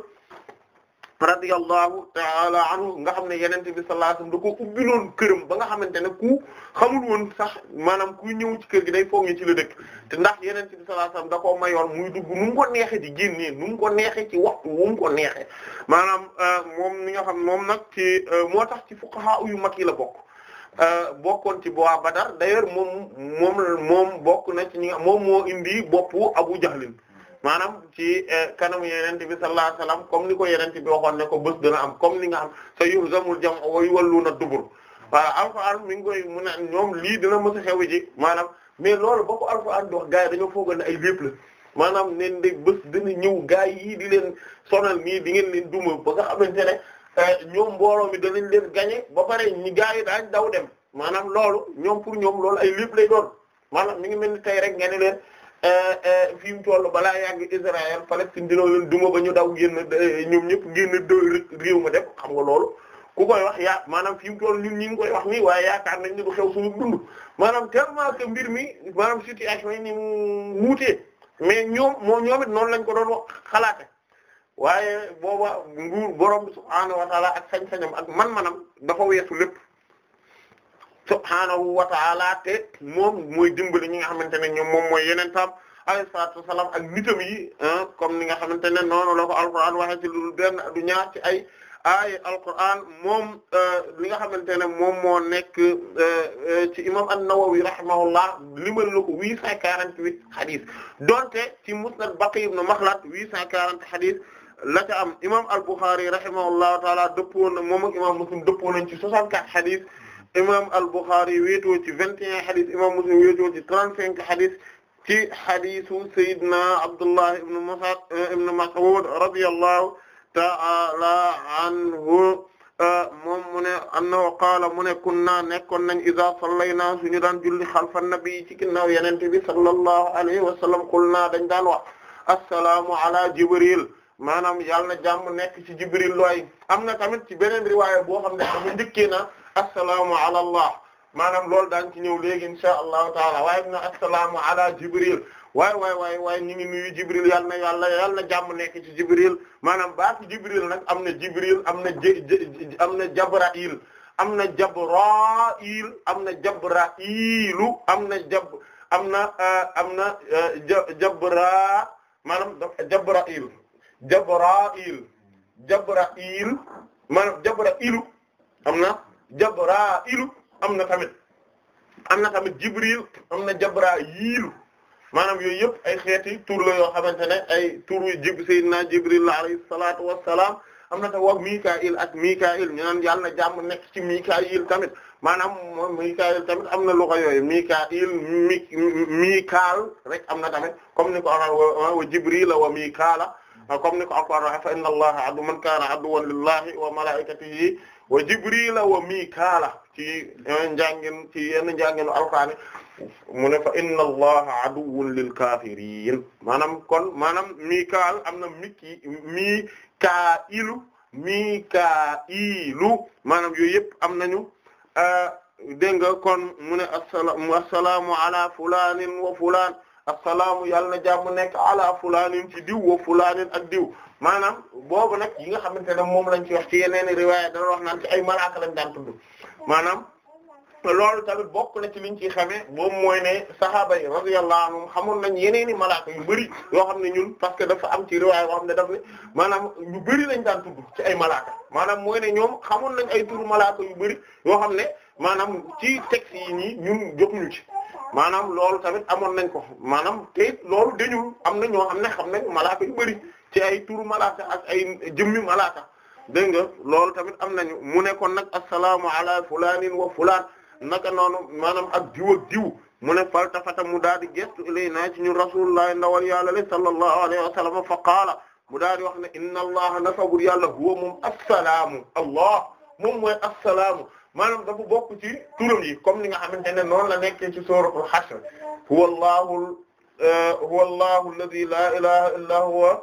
radiyallahu ta'ala anhu nga xam ne yonent bi sallallahu da ko ubbiloon këram ba nga xamante ne ku xamul woon sax maanaam ku ñëw ci kër gi day foog ci la dëkk te ndax yonent bi sallallahu alayhi wasallam da koo mayoon muy dugg nu mu ko neexee di génnee nu mu ko neexee ci waxtu wu mu ko neexee maanaam euh, moom mi nga xam moom nag ci euh, moo tax ci fuqaha yu mag yi la bokk euh, bokkoon ci waa Badar d'ailleurs moom moom moom bokk na ci ñi nga moom moo indi boppu Abu Jahlin maanaam ci eh, kanamu yenente bi sallallahu alayhi wasallam comme ni ko yenente bi waxoon ne ko bés dana am comme ni nga am sa o jam'u wa yuwalluna dubur waaw alquran mi ngi koy mu ne ñoom lii dina mës a xew ji maanaam mais loolu ba ko alquran di wax gars yi dañoo foogal ne ay lépp la maanaam neen de bés dina ñëw gars yi di leen sonal nii di ngeen leen duma ba nga xamante ne eh, ñoom mbooloo mi danañ leen gañe ba pare ñi gars yi daañ daw dem maanaam loolu ñoom pour ñoom loolu ay lépp lay doon maanaam mi ngi mel ni tey rek nga ne leen Euh, euh, fi mu toll balaa yàgg Israël Palestine dina leen duma ba ñu daw génn euh, ñoom ñëpp génn dë réew ma dem xam nga loolu ku koy wax yaa maanaam fi mu toll ñun ñi ngi koy wax nii waaye yaakaar nañ ne du xew suñu dund maanaam tellement que mbir mi maanaam situation yi mu wuutee mais ñoom moom ñoom noonu lañ ko doon wax xalaate waaye booba nguur borom bi subhaanahu wa ak sañ-sañam ak man-manam dafa weesu lépp subhaanahu wa ta'ala te moom mooy dimbali ñi nga xamante ne ñoom moom mooy yeneen tam alayhi salaatu wasalaam ak nitam yi comme ni nga xamante ne noonu la ko alquran waxee ci lu benn du ñaar ci ay ay alquran moom euh, li nga xamante ne moom moo nekk euh, euh, ci imam an-Nawawi rahimahullah limal la ko 848 hadith donte ci musnad Baqi ibn Makhlad 840 hadith la ca am imam al-Bukhari rahimahullahu taala dëppoo na moom ak imam Muslim dëppoo nañ ci 64 hadith. imam al-Bukhari wéetoo ci vingt et un hadith imam Muslim wéetoo ci trente-cinq hadith ci hadithu Seydina Abdullah ibn Mas'ud euh, ibn Mas'ud radiyallahu ta'ala anhu euh, moom mu ne annahu qaala mu ne kunna nekkoon nañ iza sallayna suñu daan julli xalfa nabi ci ginnaaw yenente bi sallallahu alayhi wa sallam qulna dañ daan wax assalaamu ala jibril maanaam yàlla na jàmm nekk ci jibril looy am na tamit ci beneen riwaaya boo xam ne dafa njëkkee na assalaamu ala allah maanaam loolu daan ci ñëw léegi insha allahu taala waaye na assalaamu ala jibril waay waay waay waay ñu ngi nuyu jibril yal na yàlla yal na jàmm nekk ci jibril maanaam baatu jibril nag am na jibril am na j am na jabrail am na jabrail am na jabrailu am na jab am na uh, am na uh, jabra maanaam jabrail jabrail jabrail maanaam jabrailu am na Jabraa'ilu am na tamit am na tamit Jibril am na Jabraa'ilu maanaam yooyu yëpp ay xeeti tur la yoo xamante ne ay turu jib Seydina Jibril la alayhi salaatu wassalaam am na ta wax Mikaayil ak Mikaayil ñu naan yàlla na jàmm nekk ci Mikaayil tamit maanaam moom Mikaayil tamit am na luxa yooyu Mikaayil mi Mikaal rek am na tamit comme ni ko alqoran wa Jibril wa Mikaala comme ni ko alqoran fa inna allaha adu man kaana aduwwan lillahi wa malaa'ikatihi wa jibrila wa mikaala ci njàngin ci yenn njànginu alqaani mu ne fa inna allaha aduwwun lil kaafiriin maanaam kon maanaam mikaal am na miki mikaa'ilu mikaa'ilu maanaam yooyu yëpp am nañu ah, dégg nga kon mu ne assalaamu ala fulaanin wa fulaan assalaamu yàlla na jàmm nekk ala fulaanin ci diw wa fulaanin ak diw maanaam boobu nag yi nga xamante ne moom lañ ci wax ci yeneen riwaaya dana wax naan ci ay malaaka lañ daan tudd maanaam loolu tamit bokk na ci liñ ciy xamee moom mooy ne sahaaba yi radiyallahu anhum xamoon nañ yeneeni malaaka yu bëri yoo xam ne ñun parce que dafa am ci riwaaya yoo xam ne daf ne maanaam ñu bëri lañ daan tudd ci ay malaaka maanaam mooy ne ñoom xamoon nañ ay turu malaaka yu bëri yoo xam ne maanaam ci texte yi nii ñun jotuñu ci maanaam loolu tamit amoon nañ ko maanaam te loolu am na ñoo xam ne xam nañ malaaka yu bari ci ay turu malaaka ak ay jëmmi malaaka dégg nga loolu tamit am nañu mu nekkoon nag assalaamu ala fulaanin wa fulaan naka noonu maanaam ak diw ak diw mu ne faltafata mu daal di gestu ilayna ci ñun rasulullah ndawal yàlla le sallallahu alayhi wa sallam fa qaala mu daal di wax ne inna allaha nafabur yàlla huwa moom assalaamu allah moom mooy assalaamu maanaam dafa bokk ci turam yi comme ni nga xamante ne noonu la nekkee ci suratul hashr euh, huwa allahu huwa allahu alladhi la ilaha illa huwa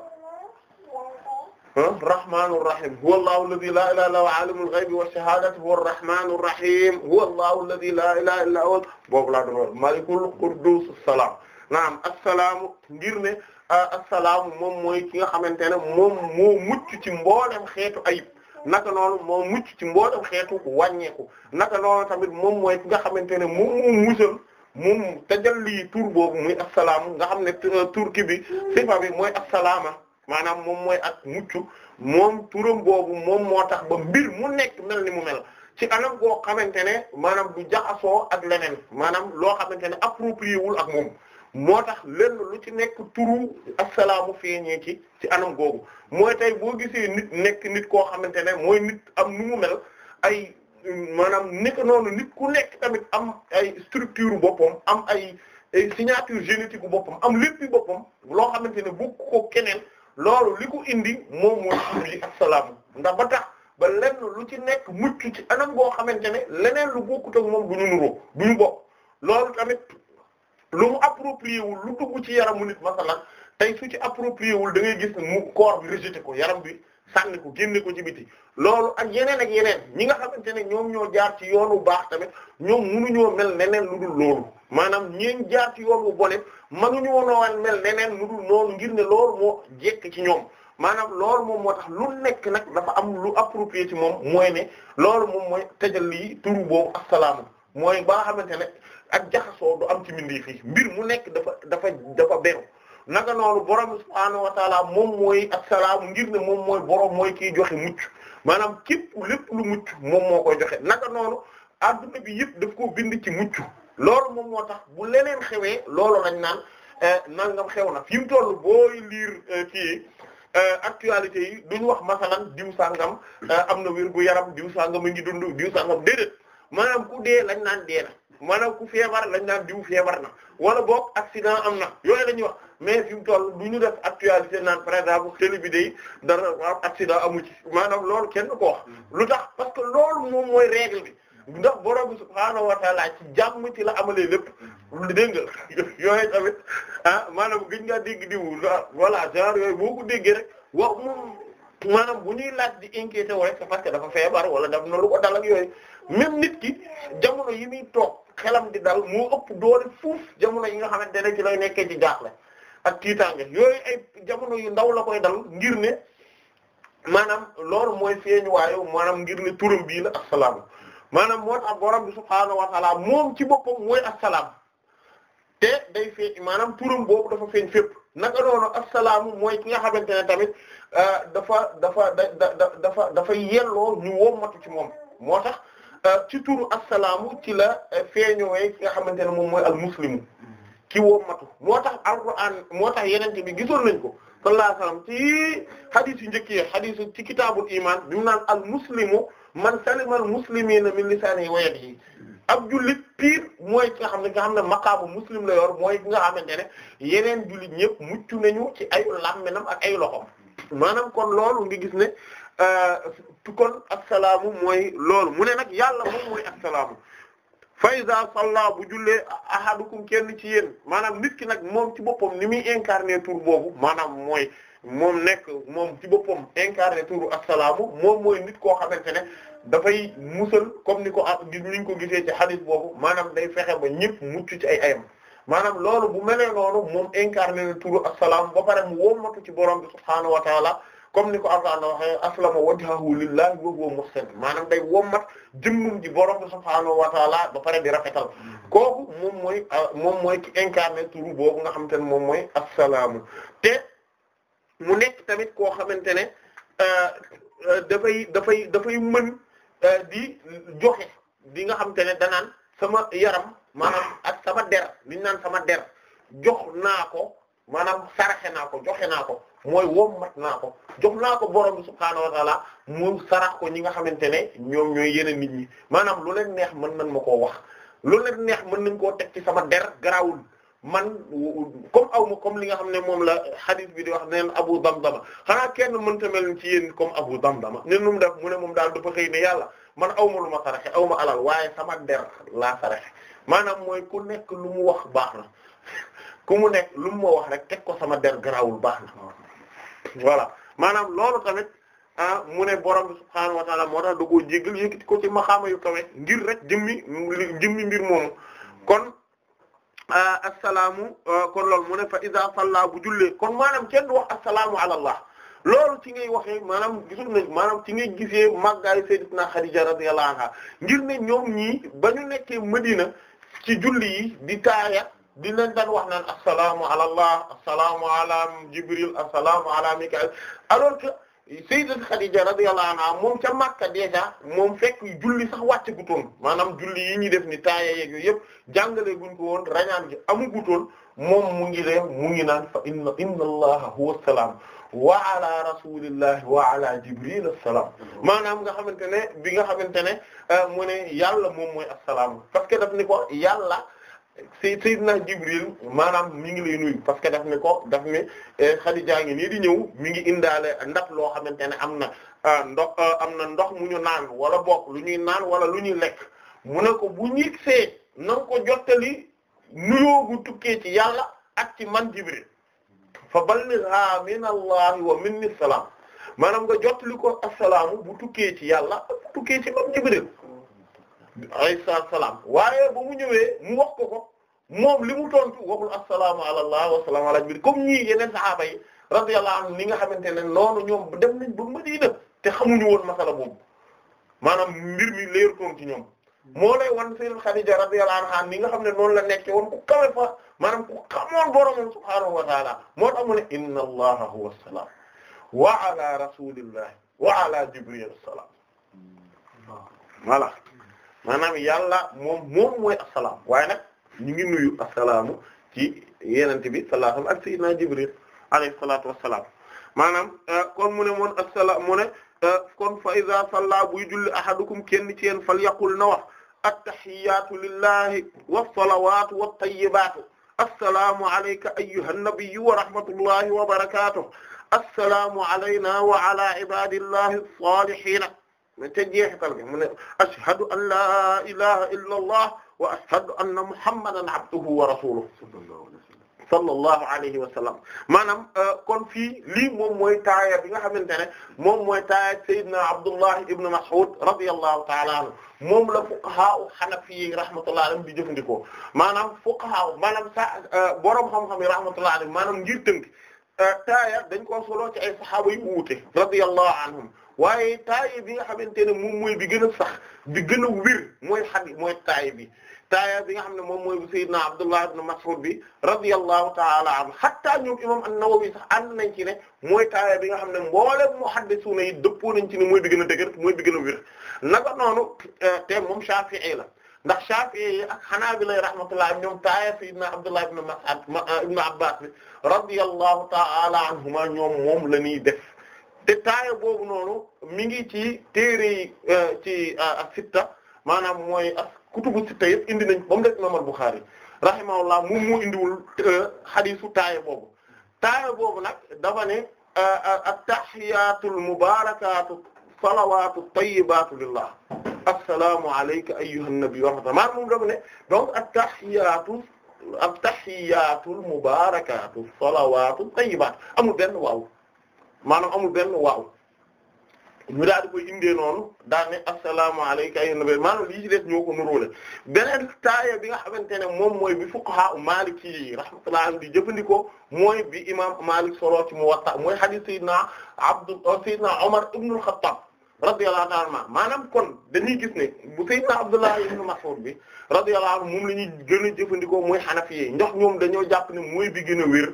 rahmanur rahim huwa allahu alladhi la ilaha illa huwa alimul ghaybi wash-shahadati huwa arrahmanur rahim huwa allahu alladhi la ilaha illa huwa boobu laa doon malikul qudus salaam naam assalaamu ngir ne euh, assalaamu moom mooy ki nga xamante ne moom moo mucc ci mboolem xeetu ayib naka noonu moom mucc ci mboolem xeetu wàññeeku naka noonu tamit moom mooy nga xamante ne moom mu musal moom tajalli tur boobu muy assalaamu nga xam ne euh, tuur ki bi sifa bi mooy assalaama maanaam moom mooy ak mucc moom turam boobu moom moo tax ba mbir mu nekk mel ni mu mel ci ana goo xamante ne maanaam du jaxasoo ak leneen maanaam loo xamante ne approprié wul ak moom moo tax lenn lu ci nekk turu assalaamu feeñee ci ci anam googu mooy tey boo gisee nit nekk nit koo xamante ne mooy nit am nu mu mel ay maanaam nekk noonu nit ku nekk tamit am ay structure boppam am ay ay signature génétique bu boppam am léppi boppam loo xamante ne bu ko keneen loolu li ko indi moom mooy tur assalaamu ndax ba tax ba lenn lu ci nekk mucc ci anam goo xamante ne leneen lu bokkut ak moom du ñu nuroo du ñu bokk loolu tamit lu mu approprié wul lu dugg ci yaramu nit masalan tey su ci approprié wul da ngay mu corps bi rejeté ko yaram bi sànni ko génne ko ci biti loolu ak yeneen ak yeneen ñi nga xamante ne ñoom ñoo jaar ci yoon yoonu baax tamit ñoom mënuñoo mel neneen lu dul loolu maanaam ñeen jaar ci yoon wu bone mënuñu woon mel neneen lu dul noonu ngir ne loolu moo jekk ci ñoom maanaam loolu moom moo tax lu nekk nag dafa am lu approprié ci moom mooy ne loolu moom mooy tajal lii turu boobu assalaamu mooy ba nga xamante ne ak jaxasoo du am ci mindi fii mbir mu nekk dafa dafa dafa beru naka noonu borom subhaanahu wa taala moom mooy asalaam ngir ne moom mooy boroom mooy kiy joxe mucc maanaam képp lépp lu mucc moom moo koy joxe naka noonu adduna bi yëpp daf ko bind ci mucc loolu moom moo tax bu leneen xewee loolu lañ naan eh, nangam xew na fi toll booy liir eh, kii eh, actualité yi duñ wax masalan diw sangam am na wér gu yaram diw sangam a ngi dund diw sangam déedéet maanaam ku dee lañ naan dee maanaam ku feebar lañ naan diw feebar na wala boog accident am na yooyu la wax mais fi mu toll du ñu def actualité naan par exemple télé bi day dara accident amu ci maanaam loolu kenn ko wax lu tax parce que loolu moom mooy règle bi ndax borom bi subhaanahu wa taala ci jàmm ci la amalee lépp dégg nga [LAUGHS] yooyu tamit ah maanaam gëj ngaa dégg diw voilà genre yooyu boo ko déggee rek wax moom maanaam bu ñuy laaj di inquiété wo rek c'est parce que dafa feebar wala daf na lu ko dal ak yooyu même nit yi muy toog xelam di dal moo ëpp doole fuuf jamono yi nga xamante ne ci lay nekkee ci jaaxle ak tiitaange yooyu ay jamono yu ndaw la koy dal ngir ne maanaam loolu mooy feeñu waayu maanaam ngir ne turam bii la asalaam maanaam moo tax borom bi subhaanahu ci boppam mooy asalaam te day feeñ maanaam turam boobu dafa feeñ fépp naka noonu asalaamu mooy ki nga xamante ne tamit euh, dafa dafa dafa dafa yelloo ñu wómmatu ci moom moo tax. Euh, ci turu assalaamu ci la euh, feeñowee ki nga xamante ne moom mooy al muslimu ki wommatu moo tax alquran moo tax yenente bi gisoon nañ ko sallallahu alayhi wasallam ci hadith yu njëkk yi hadith ci kitaabul iman bi mu naan al muslimu man salima al muslimina min lisanihi wa yi ab jullit pire mooy ki nga xam ne nga xam ne maqaamu muslim la yor mooy ki nga xamante ne yeneen jullit ñëpp mucc nañu ci ayu làmminam ak ayu loxom maanaam kon loolu nga gis ne Euh, kon assalaamu mooy loolu mu ne nag yàlla moom mooy assalaamu fa bu julee a jullee kum kenn ci yéen maanaam nit ki nag moom ci boppam ni muy incarné tur boobu maanaam mooy moom nekk moom ci boppam incarné turu assalaamu moom mooy nit koo xamante ne dafay musal comme ni ko ah gis ni ñu ko gisee ci hadith boobu maanaam day fexe ba ñëpp mucc ci ay ayam maanaam loolu bu melee noonu moom incarné na turu assalaamu ba pare mu wommatu ci borom bi subhaanahu wa taala comme ni ko Alxuraan waxee aslama wajhahu lillahi wa huwa muhsin maanaam day wommat jëmmum ji borom subhaanahu wa taala ba pare di rafetal kooku moom mooy ah, moom mooy ki incarné turu boobu nga xamante ne moom mooy assalaamu te mu nekk tamit koo xamante ne ah, ah, dafay dafay dafay mën di joxe di nga xamante ne danaan sama yaram maanaam ak sama der liñ naan sama der jox naa ko maanaam saraxe naa ko joxe naa ko mooy mat naa ko jox naa ko borom bi subhaanahu wa mu sarax ko ñi nga xamante ne ñoom ñooy yeneen nit ñi maanaam lu leen neex mën nañ ma koo wax lu leen neex mën nañ koo teg ci sama der garawul man comme aw ma comme li nga xam ne moom la hadith bi di wax neen abu damdama xanaa kenn mënta mel ci yéen comme abu damdama ne nu mu def mu ne moom daal dafa xëy ne yàlla man aw ma lu ma saraxe aw ma alal waaye sama der laa saraxe maanaam mooy ku nekk lu mu wax baax na [LAUGHS] ku mu nekk lu mu ma wax rek teg ko sama der garawul baax voilà maanaam loolu tamit ah mu ne borom subhaanahu wa taala moo tax da koo jéggal yëkkati ko ci maxaama yu kawe ngir rek jëmmi jëmmi mbir moomu kon ah, assalaamu ah, kon loolu mu ne fa iza salla bu jullee kon maanaam kenn du wax assalaamu ala allah loolu ci ngay waxee maanaam gisul nañ maanaam ci ngay gisee màggaayu sayyidatuna Xadija radiyallahu anha ngir ne ñoom ñii ba ñu nekkee Madina ci julli yi di taaya dinañ daan wax naan assalaamu ala allah assalaamu ala jibril assalaamu ala mikael alors que sayyidat Khadija radiyallahu anha moom ca Makka déjà moom fekk julli sax wàcce gutoon maanaam julli yi ñuy def ni taaya yeeg yooyu yëpp jàngale guñ ko woon gi amu gutoon moom mu ngi leen mu ngi naan fa inna inna allaha huwa salaam wa ala rasulillahi wa ala jibril assalaam maanaam nga xamante ne bi nga xamante ne euh, mu ne yàlla moom mooy assalaam parce que daf ni ko yàlla si Seydina Jibril maanaam mi ngi lay nuyu parce que daf ne ko daf ne Xadija eh, ngi nii di ñëw mi ngi indaale ndax loo xamante ne am na ah, ndox ah, am na ndox mu ñu naan wala bokk lu ñuy naan wala lu ñuy lekk mu ne ko bu ñig see na ko jottali nuyoo bu tukkee ci yàlla ak ci man Jibril fa balligha min allahi wa minni salaam maanaam nga jottali ko assalaamu bu tukkee ci yàlla ak bu tukkee ci man Jibril alayhi salaam waaye ba mu ñëwee mu wax ko moom li mu tontu waxul assalaamu ala allah wa salaamu ala nabi comme ñii yeneen sahaaba yi radiyallahu anhum ni nga xamante ne noonu ñoom dem nañ ba Madina te xamuñu woon masala boobu maanaam mbir mi leer koon ci ñoom moo lay wan sayyidul Xadiija radiyallahu anha ni nga xam ne noonu la nekke woon ku kawe fa maanaam ku xamoon boromam subhaanahu wa taala moo tax mu ne inna allaha huwa salaam wa ala rasulillahi wa ala jibril salaam maanaam yàlla moom moom mooy asalaam waaye nag ñu ngi nuyu asalaamu ci yenente bi sallallahu alayhi wasallam ak sayyidina Jibril alayhi salaatu wassalaam maanaam euh, kon mu ne moon asalaam mu ne euh, kon fa iza salla buy julli ahadukum kenn ci yeen fal yaqul na wax attahiyaatu lillahi wassalawaatu wattayyibaatu assalaamu alayka ayyuhan nabiyyu wa rahmatullahi wa barakaatuh assalaamu alayna wa ala ibaadillahi salihiina mais te jeexital gi mu ne ashhadu an la ilaha illa allah wa ashhadu anna muhammadan abduhu wa rasuluhu sallallahu alayhi wa sallam maanaam euh, kon fii lii moom mooy taaya bi nga xamante ne moom mooy taaya sayyidina abdullah ibn mas'ud radiyallahu ta'ala anhu moom la fuqaha hanafi yi rahmatullahi alayhim di jëfandikoo maanaam fuqaha maanaam sa euh, borom xam-xam yi rahmatullahi alayhim maanaam ngir tënk euh, taaya dañ koo soloo ci ay sahaaba yu wuute radiyallahu anhum waaye taay bi nga xamante ne moom mooy bi gën a sax bi gën a wir mooy xadi mooy taay bi taaya bi nga xam ne moom mooy bu sayyidna Abdullah ibn Mas'ud bi radiyallahu ta'ala anhu hatta ñoom imam an-Nawawi sax ànd nañ ci ne mooy taaya bi nga xam ne mboolem muhaddisuna yi dëppoo nañ ci ne mooy bi gën a dëgër mooy bi gën a wir naka noonu euh, te moom Shafi'i la ndax Shafi'i ak Hanabila rahmatullah ñoom taaya sayyidna Abdullah ibn Mas'ud ibn Abbas bi radiyallahu ta'ala anhuma ñoom moom la ñuy def te taaya boobu noonu mi ngi ci téere yi euh, ci euh, ak sitta maanaam mooy ak kutubu sitta yëpp indi nañ ba mu def imam al-Bukhari rahimahullah moom moo indiwul euh, xadiisu taaya boobu taaya boobu nag dafa ne at-tahiyaatul mubaarakaatu salawaatu tayyibaatu lillah assalaamu alayka ayyuhan nabiyyu wa rahmatullah maanaam moom dafa ne donc at-tahiyaatu at-tahiyatul mubaarakaatu salawaatu tayyibaatu amul benn waaw maanaam amul benn waaw ñu daal di koy indee noon daal ne asalaamaaleykum ay nabi maanaam lii ci def ñoo ko nuróole beneen taaya bi nga xamante ne moom mooy bi fuqaha maliki yi rahmatullah di jëfandikoo mooy bi imam Malik solo ci Muwatta mooy hadith Seydina Abdou Seydina Omar ibn al-Khattab radiyallahu ta'ala maanaam kon dañuy gis ne bu Seydina Abdullah ibn Mas'ud bi radiyallahu anhu moom la ñuy gën a jëfandikoo mooy Hanafi yi ndax ñoom dañoo jàpp ne mooy bi gën a wér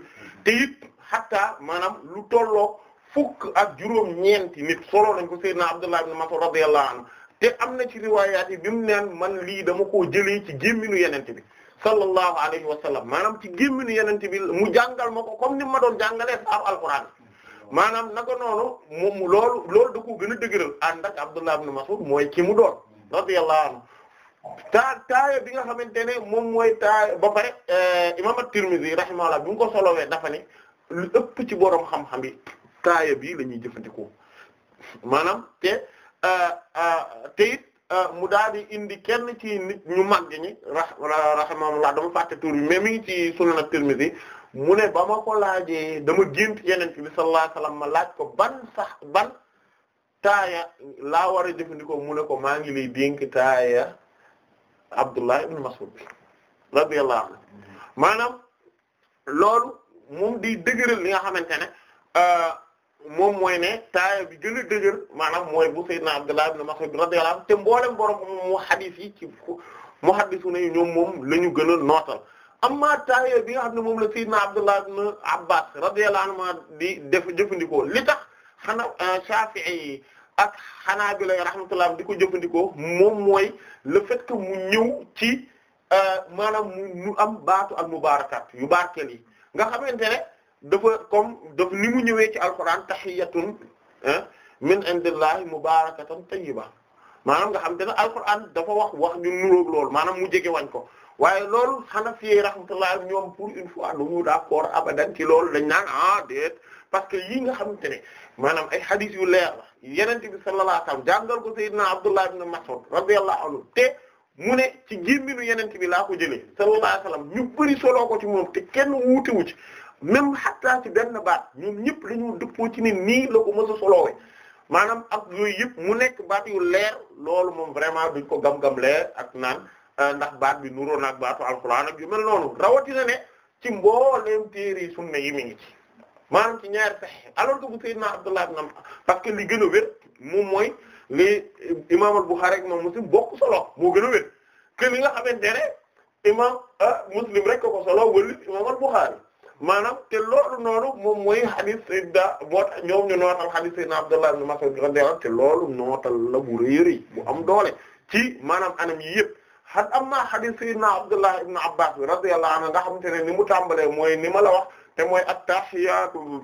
maanaam lu tolloo fukk ak juróom ñeenti nit solo nañ ko Seydina Abdullah ibn Mas'ud radiyallahu anhu te am na ci riwaayaat yi bi mu neen man lii dama koo jëlee ci gémminu yenente bi sallallahu alayhi wa sallam maanaam ci gémminu yenente bi mu jàngal ma ko comme ni ma doon jàngalee saaf alquran maanaam naka noonu moom lool loolu da ko gën a dëgëral ànd ak Abdullah ibn Mas'ud mooy ki mu doon radiyallahu anhu taa taaya bi nga xamante ne moom mooy taaya ba pare eh, imam at-Tirmidhi rahimahullah bi mu ko solowee dafa ne lu ëpp ci borom xam yi taaya bii la ñuy jëfandikoo maanaam te euh, euh, te it euh, mu daal di indi kenn ci nit ñu màgg ñi rahimahullah dama fàtte tur bi mais mi ngi ci sunan Tirmidhi mu ne ba ma ko laajee dama gént yeneen bi sallallahu ma laaj ko ban sax ban taaya laa war a jëfandikoo mu ne ko maa ngi lay dénk taaya Abdullah ibn Mas'ud bi radiyallahu anhu mm-hmm. maanaam loolu moom di dëgëral li nga xamante ne moom mooy ne taaya bi gën a dëgër maanaam mooy bu Seydina Abdullah ibn Mas'ud radiyallahu anhu te mboolem borom mu hadith yi ci muhaddisuna yi ñoom moom la ñu gën a nootal amma taaya bi nga xam ne moom la Seydina Abdullah ibn Abbas radiyallahu anhu di def jëfandikoo li tax xana euh, Shafi'i yi ak Hanabila rahmatullah di ko jëfandikoo moom mooy le fait mu ñëw ci euh, maanaam mu am baatu ak mubaarakat yu barkeel yi nga xamante ne. dafa comme daf ni mu ñëwee ci alquran tahiyyatun min indillahi mubarakatan tayyiba maanaam nga xam te ne alquran dafa wax wax ñu nuróog loolu maanaam mu jege wañ ko waaye loolu Hanafi rahmatullah ñoom pour une fois duñu d'accord abadan ci loolu dañ naan ah déet parce que yii nga xamante ne maanaam ay hadith yu leer la yeneen bi sallallahu alayhi wasallam jàngal ko Seydina Abdullah ibn Mas'ud radiyallahu anhu te mu ne ci gémminu yeneen bi laa ko jëlee sallallahu alayhi wasallam ñu bëri soloo ko ci moom te kenn wuute ci même xataa ci benn baat ñoom ñëpp dañoo dëppoo ci ni nii la ko mës a soloowe maanaam ak yooyu yëpp mu nekk baat yu leer loolu moom vraiment duñ ko gam-gam leer ak naan euh, ndax baat bi nuroo naag baatu alxuraan ak yu mel noonu rawatina ne ci mbooleem téere yi ne yi mi ngi ci maanaam ci ñaar fexe alors que bu naa Abdullah ibn parce que li gën a wér moom mooy li imaam al-Bukhari ak imaam Muslim bokk solo moo gën a wér que li nga xamante ne imaam euh, Muslim rek ko ko solo wala maanaam te loolu noonu moom mooy hadith Seydina moo tax ñoom ñu nootal hadith Seydina Abdullah ibn Mas'ud radiyallahu te loolu nootal la bu réeré bu am doole ci maanaam anam yi yëpp xat am naa hadith Seydina Abdullah ibn Abbas bi radiyallahu anhu nga xamante ne ni mu tàmbalee mooy ni ma la wax te mooy at-tahiyatu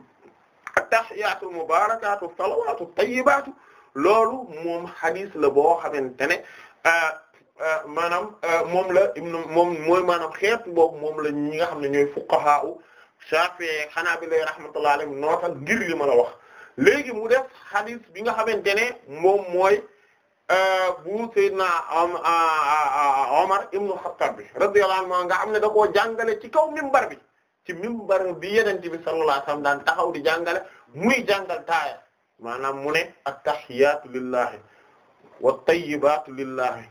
at-tahiyatu al-mubarakatu as-salawatu at-tayyibatu loolu moom hadith la boo xamante ne euh, euh, maanaam euh, moom la ibn moom mooy maanaam xeet boobu moom la ñi nga xam ne ñooy fuqahaa Shafi'i ak Hanbali rahmatullahi alayhim nootal ngir li ma la wax léegi mu def hadith bi nga xamante ne moom mooy euh, bu Seydina Omar ibn Khattab bi radiyallahu anhu nga xam ne da koo jàngale ci kaw mimbar bi ci mimbar bi Yonent bi sallallahu alayhi wasallam daan taxaw di jàngale muy jàngal taaya maanaam mu ne at-tahiyaatu lillahi wat-tayyibaatu lillahi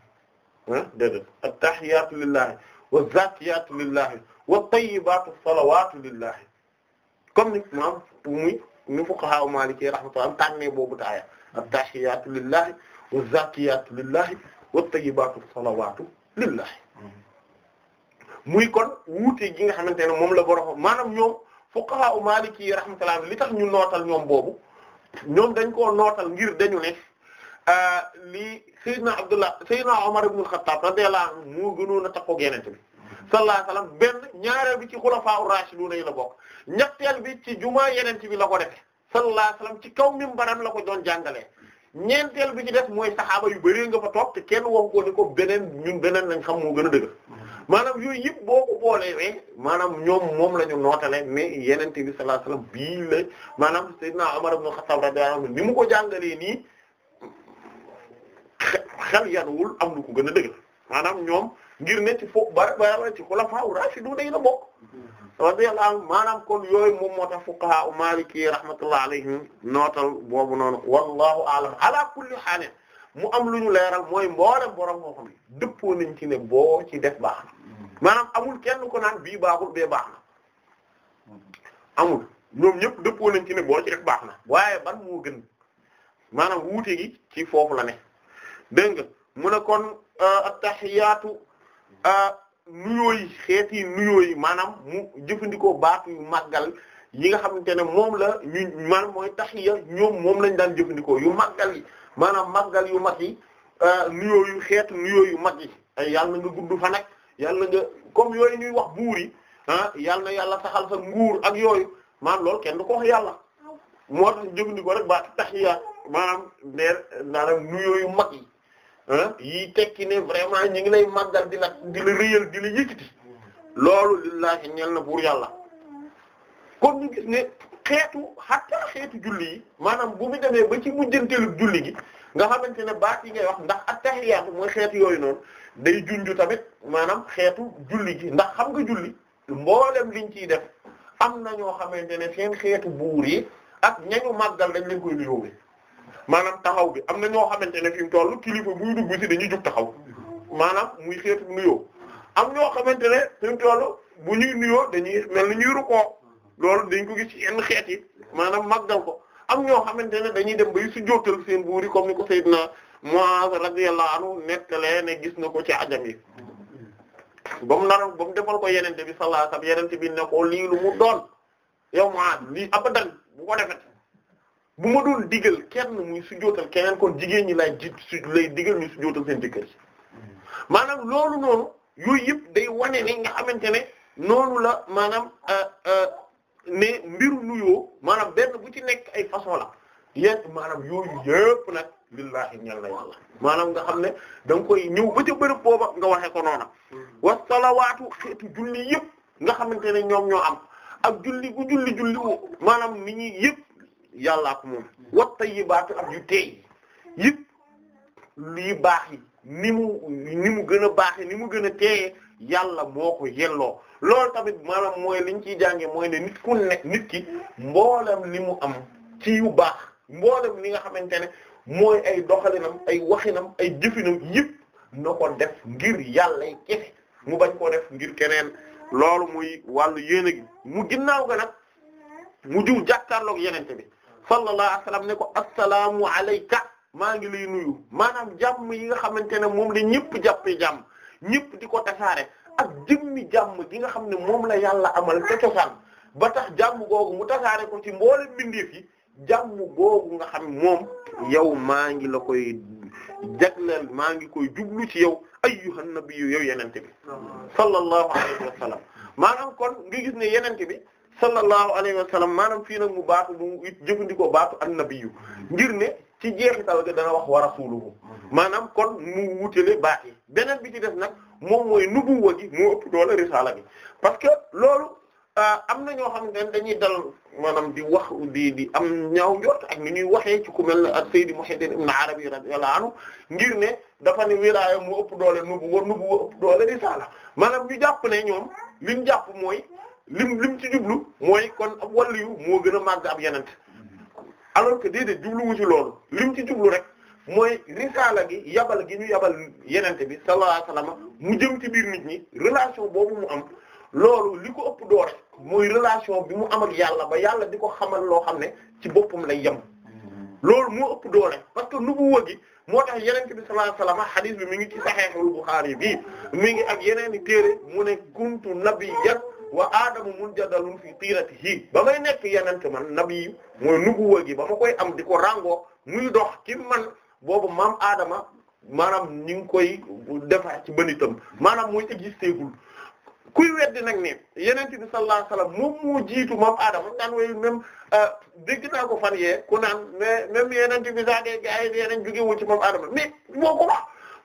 ah dëgg at-tahiyaatu lillahi wa-z-zaakiyaatu lillahi wa tayyibaatu salawaatu lillahi comme ni maam muy ni fuqaha maliki rahmatullah tànnee boobu taaya at-tahiyaatu lillahi wa zakiyaatu lillahi wa tayyibaatu salawaatu lillahi muy kon wuute gi nga xamante ne moom la borom maanaam ñoom fuqaha maliki rahmatullah li tax nootal ñoom boobu ñoom dañ ko nootal ngir dañu ne ah, lii Seydina Abdullah Seydina Omar ibn al-Khattab radiyallahu anhu moo gënoon a takkoo ak bi sallallahu alayhi wasallam benn ñaareel bi ci xulafaa ur-raashidun yi la bokk ñetteel bi ci jumaa yeneen ci bi la ko defee sallallahu alayhi wasallam ci kaw mimbaram la ko doon jàngalee ñeenteel bi ci def mooy saxaaba yu bari nga fa toog te kenn waxu ko ni ko beneen ñun beneen lañ xam moo gën a dëgg maanaam yooyu yëpp boo ko boolee maanaam ñoom moom la ñu nootale mais yeneen bi sallallahu alayhi wasallam bii la maanaam Seydina Umar ibn Khattab radiyallahu anhu ni mu ko jàngalee nii xel yanuwul am lu ko gën a dëgg maanaam ñoom. ngir ne ci fo ba ba ci xulafaa raashidu day la bokk radiyallahu anhu maanaam kon yooyu moom moo tax fuqaha maliki rahmatullah alayhim nootal boobu noonu wallahu a'lam ala kulli haal mu am lu ñu leeral mooy mboolem borom moo xam ne dëppoo nañ ci ne boo ci def baax na maanaam amul kenn ko bii baaxul bee baax na amul ñoom ñëpp dëppoo nañ ci ne boo def baax na waaye ban moo gën maanaam wuute gi ci foofu la ne dégg mu ne kon euh, at-tahiyaatu nuyoo yi xeeti nuyoo yi maanaam mu jëfandikoo baatu yu màggal yi nga xamante ne moom la ñu maanaam mooy taxiya ñoom moom lañ daan jëfandikoo yu màggal yi maanaam màggal yu mag yi nuyoo yu xeetu nuyoo yu mag yi ay yàlla nga gudd fa nag yàlla nga comme yooyu ñuy wax buur yi ah yàlla na yàlla saxal sa nguur ak yooyu maanaam loolu kenn du ko wax yàlla moo tax jëfandikoo rek baatu taxiya maanaam nee naa nuyoo yu mag yi. yi tekki ne vraiment ñi ngi lay màggal di la di di la yëkkati loolu lillaahi ñeel na buur yàlla kon ñu gis ne xeetu xatta xeetu julli yi maanaam bu mu demee ba ci mujjanteelu julli gi nga xamante ne baat yi ngay wax ndax at attahiyaatu mooy xeet yooyu noonu day junju tamit maanaam xeetu julli gi ndax xam nga julli mboolem liñ ciy def am na ñoo xamante ne seen xeetu buur yi ak ñañu màggal dañ leen koy nuyoo maanaam taxaw bi am na ñoo xamante ne fi mu toll kilifa bu dugg ci dañuy jug taxaw maanaam muy xeetu nuyoo am ñoo xamante ne fi mu toll bu ñuy nuyoo dañu mel ni ñuy ko loolu dañ ko gis ci yenn xeet yi maanaam màggal ko am ñoo xamante ne dañuy dem bay su jottal seen buur yi comme ni ko Seydina Muaz radiyallahu anhu nettalee ne gis na ko ci ajam yi ba mu nar ba mu defal ko yenente bi sallallahu am wasallam te bi ne ko lii mu doon yow Muaz lii abadan bu ko defet bu ma doon digal kenn muy sujjóotal keneen ko jigéen ñi lay ji su lay digal ñu sujjóotal seen jëkkër ci maanaam loolu noonu yooyu yëpp day wane ni nga xamante ne noonu la maanaam euh, euh, ne mbiru nuyoo maanaam benn bu ci nekk ay façon la yépp maanaam yooyu yëpp nag lillaahi ñal na yàlla maanaam nga xam ne da nga koy ñëw ba ca bërëb booba nga waxe ko noona wa salawaatu xeetu julli yëpp nga xamante ne ñoom ñoo am ak julli gu julli julli woo maanaam ni ñuy yëpp yàllaa ko moom wat baatu ak yu teey yëpp lii baax yi ni mu ni mu gën a baaxee ni mu gën a teeyee yàlla moo ko yelloo loolu tamit maanaam mooy liñ ciy jànge mooy ne nit ku nekk nit ki mboolam li mu am ci yu baax mboolam li nga xamante ne mooy ay doxalinam ay waxinam ay jëfinam yëpp na ko def ngir yàlla kefe mu bañ koo def ngir keneen loolu muy wàll yéene mu ginnaaw ga nag mu ju jàkkaarloog yenente bi sallallahu alayhi wasallam ne ko assalaamu alayka maa ngi lay nuyu maanaam jàmm yi nga xamante ne moom la ñëpp jàppee jàmm ñëpp di ko tasaare ak jëmmi jàmm gi nga xam ne moom la yàlla amal te cosaan ba tax jàmm googu mu tasaare ko ci mboolem mbindeef yi jàmm googu nga xam moom yow maa ngi la koy jagleel maa ngi koy jublu ci yow ayyuhan nabiyyu yow yenente bi sallallahu alayhi wa sallam maanaam kon nga gis ne yenente bi sallallahu alayhi wa sallam maanaam fii nag mu baatu mu jëfandikoo baatu annabiyu ngir ne ci jeexital ga dana wax wa rasuluhu maanaam kon mu wutale baat yi beneen bi ci def nag moom mooy nubuwa gi moo parce que loolu euh, am na ñoo xam ne dañuy dal maanaam di wax di di am ñaaw njort ak ni ñuy waxee ci ku mel ne ak Sayyid Muhammad ibn Arabi radiyallahu anhu ngir ne dafa ne wilaaya moo ëpp doole nubuwa nubuwa ëpp doole risaala maanaam ñu jàpp ne ñoom li ñu jàpp mooy. lim lim ci jublu mooy kon ab waliyu moo gën a màgg ab yenent alors que déedéet jubluwu ci loolu lim ci jublu rek mooy risaala gi yabal gi ñu yabal yenente bi sallallahu alayhi mu jëm ci biir nit ñi relation boobu mu am loolu li ko ëpp doore mooy relation bi mu am ak yàlla ba yàlla di ko xamal loo xam ne ci boppam lay yem loolu moo ëpp doole parce que nubuwa gi moo tax yenente bi sallallahu alayhi wasallam bi mu ngi ci Sahih al-Bukhari bi mi ngi ak yeneen i téere mu ne kuntu nabiyyan wa mun munjadalun fi tiiratihi ba may nekk yenente man nabi mooy nubuwa gi ba ma koy am di ko ràngoo muy dox ci man boobu maam aadama maanaam ñu ngi koy defar ci bënitam maanaam mooy existé gul kuy weddi nag ne yenente bi sallallahu alayhi wasallam moom moo jiitu maam aadama naan way même euh, dégg naa ko fan ye ku naan mais même yenente bi sax de gaa yi yeneen jógewu ci maam aadama mais boo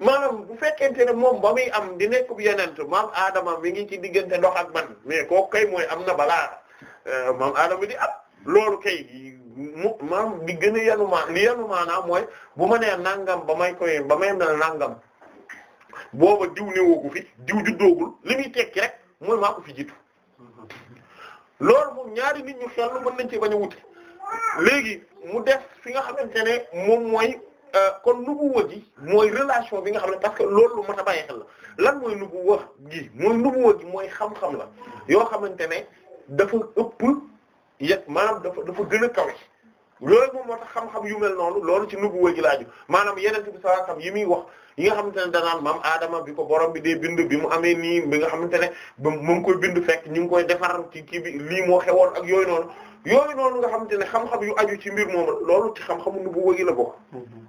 maanaam bu fekkente ne moom ba muy am di nekk bu yenent maam aadama mi ngi ci diggante ndox ak ban mais kooku kay mooy am na balaa euh, maam aadama di ab loolu kay mu maam di gën a yanu ma li yanu mooy bu ma nee nangam ba may koy ba may mel nangam booba diw newoogu fi diw juddoogul li muy tekki rek mooy maa ko fi jiitu loolu moom ñaari nit ñu xel mën nañ ci bañ wuti léegi mu def fi nga xamante ne moom mooy Euh, kon nubuwa gi mooy relation bi nga xam ne parce que loolu lu mën a bàyyi xel la lan mooy nubuwa gi mooy nubuwa gi mooy xam-xam la yoo xamante ne dafa ëpp yet maanaam dafa dafa gën a kawe loolu moom moo tax xam-xam yu mel loolu ci nubuwa gi laaju maanaam yeneen bi saa xam yi muy wax yi nga ne danaan Adama bi ko borom bi dee bind bi mu amee nii bi nga xamante ne ba mu koy bind fekk ñu ngi koy defar ci kii bi lii moo xewoon ak yooyu noonu yooyu noonu nga xamante ne xam-xam yu aju ci mbir moom loolu ci xam-xamu nubuwa gi la bokk mm-hmm.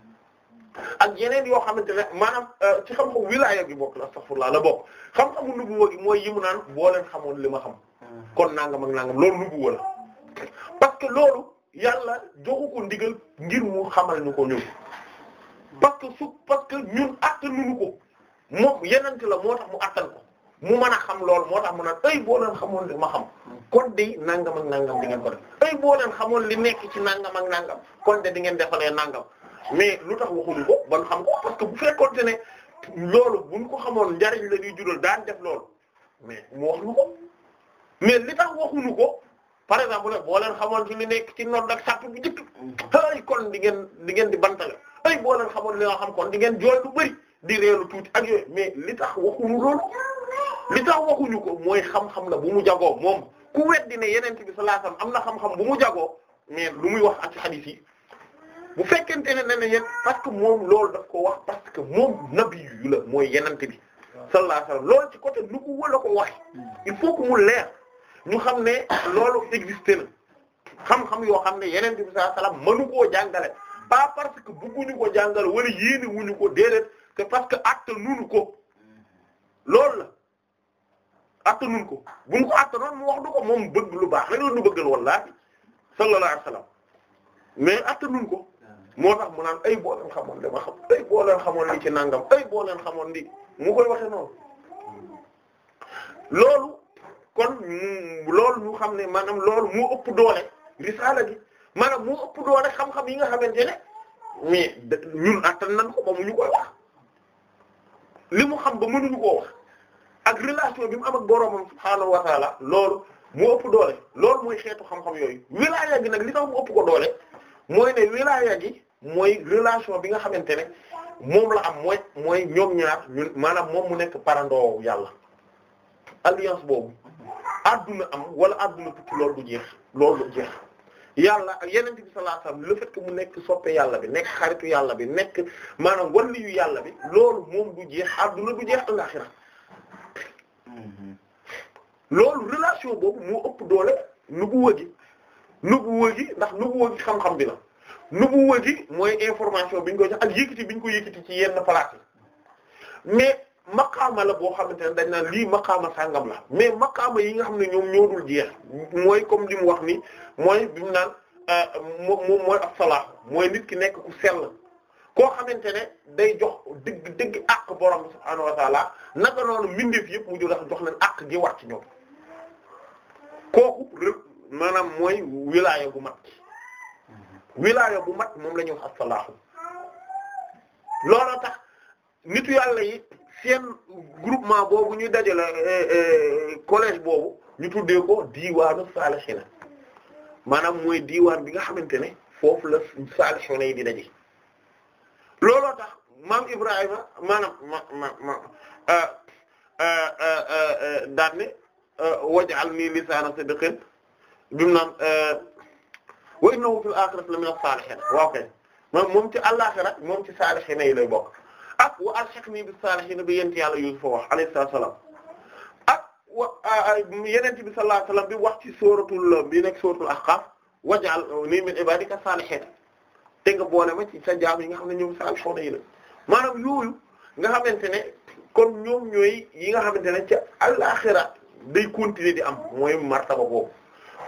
ak yeneen yoo xamante ne maanaam euh, ci xam-xamu wilaaya gi bokk la astaghfirullah la bokk xam-xamu nubuwa gi mooy yimu naan boo xamoon li ma xam hmm. kon nangam ak nangam loolu nubuwa la parce loolu yàlla joxu ko ngir mu xamal ko ñun parce que su parce que moo tax mu attan mu mën a xam loolu moo tax mu naan boo leen xamoon li ma xam kon de nangam ak nangam di ngeen ko def ay boo xamoon li nekk ci nangam ak nangam kon de di ngeen defalee nangam mais lu tax waxuñu ko ban xam ko parce bu fekkoonte ne loolu buñ ko xamoon njariñ la ñuy jural daan def loolu mais mu wax ñu li tax waxuñu ko par exemple nag boo leen xamoon ci li nekk ci nodd ak sàpp bu njëkk ay kon di ngeen di ngeen di bantale ay boo leen xamoon li nga xam kon di ngeen jooy lu bari di reelu tuuti ak yooyu mais li tax waxuñu loolu li tax waxuñu ko mooy xam-xam la bu mu jagoo moom ku weddi ne yeneen bi sallallahu am na xam-xam bu mu jagoo mais lu muy wax ak ci hadith bu fekkente ne ne ne yéen parce que moom loolu daf ko wax parce que moom nabi mooy yenante bi sallallahu alayhi ci côté nu ko wala ko wax il faut que mu leer ñu xam ne loolu existé na xam-xam yoo xam ne yenente bi sallallahu alayhi wasallam mënu koo jàngale pas parce que ñu ko jàngale wala yéene wuñu ko déedéet c'est parce que atta nunu ko loolu la atta nun ko bu mu ko atta noonu mu wax du ko moom bëgg lu baax la loolu nu bëggal wallahi sallallahu alayhi wasallam ko moo tax mu naan ay boo leen xamoon dama xam ay boo leen xamoon li ci nangam ay boo leen xamoon li mu koy waxe noonu loolu kon xam ne maanaam loolu moo ëpp doole risaala gi maanaam mu ëpp doole xam-xam yi nga xamante ne mais ñun attan nan ko mu ñu koy wax li mu xam ba mënuñu koo wax ak relation bi mu am ak boroomam subhaanahu wa taala loolu mu ëpp doole loolu mooy xeetu xam-xam yooyu wilaaya gi nag li tax mu ëpp ko doole mooy ne wilaya gi mooy relation bi nga xamante ne moom la am mooy mooy ñoom ñaar maanaam moom mu nekk parandoo yàlla alliance boobu àdduna am wala àdduna tukki loolu du jeex loolu du jeex yàlla ak yeneen bi sallallahu alayhi wasallam le fait mu nekk soppee yàlla bi nekk xaritu yàlla bi nekk maanaam waliyu yàlla bi loolu moom du jeex adduna du jeex alaxira mm-hmm. loolu relation boobu moo ëpp doole nubuwa gi nubuwa gi ndax nubuwa gi xam-xam bi na nubuwa gi mooy information bi ñu ko ak yëkkati bi ñu ko yëkkati ci yenn place yi mais maqaama la boo xamante ne dañ naan lii maqaama sàngam la mais maqaama yi nga xam ne ñoom ñoo dul jeex mooy comme li mu wax ni mooy bi mu naan euh, moom mooy ab salaax mooy nit ki nekk ku sell koo xamante ne day jox dëgg dëgg àq borom subhaanahu wa taala naka noonu mbindeef yëpp mu jox jox leen àq gi war ci ñoom kooku. maanaam mooy wilaaya bu mat mm-hmm. wilaaya bu mat moom la ñuy wax as looloo tax nitu yàlla yi seen groupement boobu ñuy dajale eh, eh, collège boobu ñu tuddee ko diiwaanu saalixiina maanaam mooy diiwaan bi nga xamante ne foofu la saalixiina yi di daje looloo tax maam Ibrahima maanaam ma ma ma ah, ah, ah, daan ne waj'al nii lisaana sidqin bi mu naan euh, wa innahu fil aaxirati la mina saalihiin waaw kay moom ci àllaaxira moom ci saalihiin yi lay bokk ak wa alhiqnii bis saalihiin bi yent yàlla Yuusuf wax alayhi salaam ak wa euh, yeneen bi sallallahu alayhi wasallam bi wax ci sóoratul bi nekk sóoratul Ahqaaf waj'al nii min ibaadika saalihiin te nga boole ma ci sa jaam yi nga xam ne ñoom saalihiin yi la maanaam yooyu nga xamante ne kon ñoom ñooy yi nga xamante ne ci àllaaxira day continuer di am mooy martaba boobu.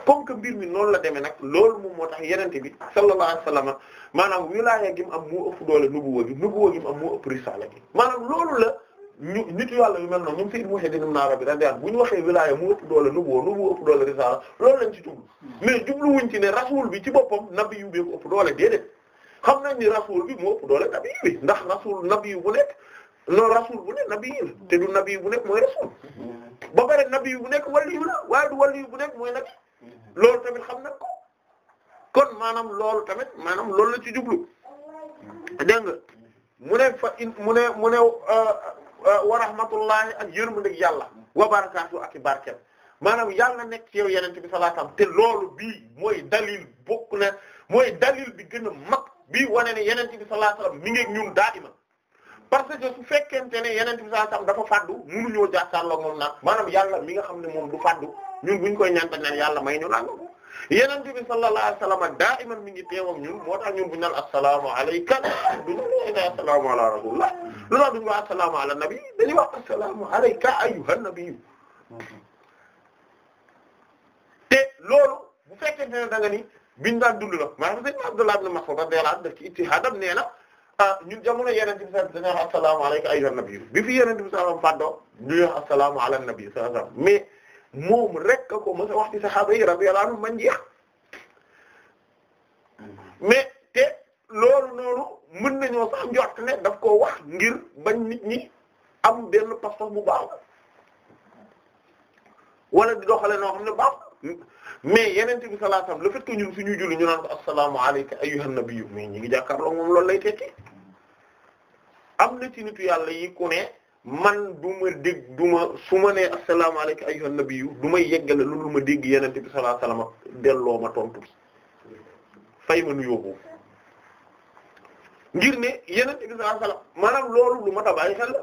comme que mbir mi noonu la demee nag loolu moom moo tax yenente bi sallallahu alayhi wasallam maanaam wilaaya gi mu am doole nubuwa gi nubuwa gi mu am moo risaala gi maanaam loolu la ñu nit yàlla yu mel noonu ñoom Sayyid Muhammad ibn Arabi radiyallahu anhu bu ñu waxee wilaaya mu ëpp doole nubuwa nubuwa ëpp doole risaala loolu lañ ci jublu mais jubluwuñ ci ne rasul bi ci boppam nabi yu bi ko ëpp doole déedéet xam nañ ni rasul bi moo ëpp doole nabi bi ndax rasul nabi yu bu nekk non rasul bu nekk nabi te du nabi bu nekk mooy rasul mm-hmm. ba pare nabi bu nekk waliyu la waaye du waliyu bu mooy nabi loolu tamit xam na ko kon maanaam loolu tamit maanaam loolu la ci jublu dégg nga mu ne fa in mu ne mu ne uh, uh, wa rahmatullahi ak yërmandeeg yàlla wa barakaatu ak i barkeem maanaam yàlla nekk ci yow yenente bi sallallahu alayhi wasallam te loolu bii mooy dalil bokk na mooy dalil bi gën a mag bii wane ne yenente bi sallallahu alayhi wasallam daa ngi parce que su fekkente ne yeneen bi saa sam dafa faddu munuñoo jàkkaarloo moom naan maanaam yàlla mi nga xam ne moom du faddu ñun buñ koy ñanta naan yàlla may ñu naan yeneen bi sallallahu alayhi wasallam daa iman mi ngi teewam ñun moo tax ñun buñ naan assalaamu alayka duñu assalaamu ala rasulullah lu tax duñu wax assalaamu ala nabi dañuy wax assalaamu alayka ayyuhan nabi te loolu ne da nga ni biñ daan dund la maanaam sëñ Abdullah ibn Mas'ud radiyallahu anhu ah ñun jamono yeneen bi sax dañuy wax asalaamaaleykum ayyuha nabi bi fi yeneen bi sax am fàddoo ñuy wax asalaamu ala nabi sallallahu alayhi wasallam mais moom rek ko mos a wax ci saxaaba yi radiyallahu mais te loolu noonu mën nañoo sax njort ne daf koo wax ngir bañ nit ñi am benn pas bu baax wala di doxale noo xam ne baax mais yeneen bi sallallahu alayhi wasallam le fait que julli ñu naan ko assalaamu alayka ayyuhan nabiyyu mais ñi ngi jàkkaarloo moom loolu lay tekki am na ci nitu yàlla yi ku ne man du ma dégg du ma su ma nee assalaamu alayka ayyuhan nabiyyu du may lu loolu ma dégg yeneen bi sallallahu delloo ma tontu bi fay ma nuyoo boobu ngir ne yeneen bi sallallahu alayhi loolu lu ma tabaay xel la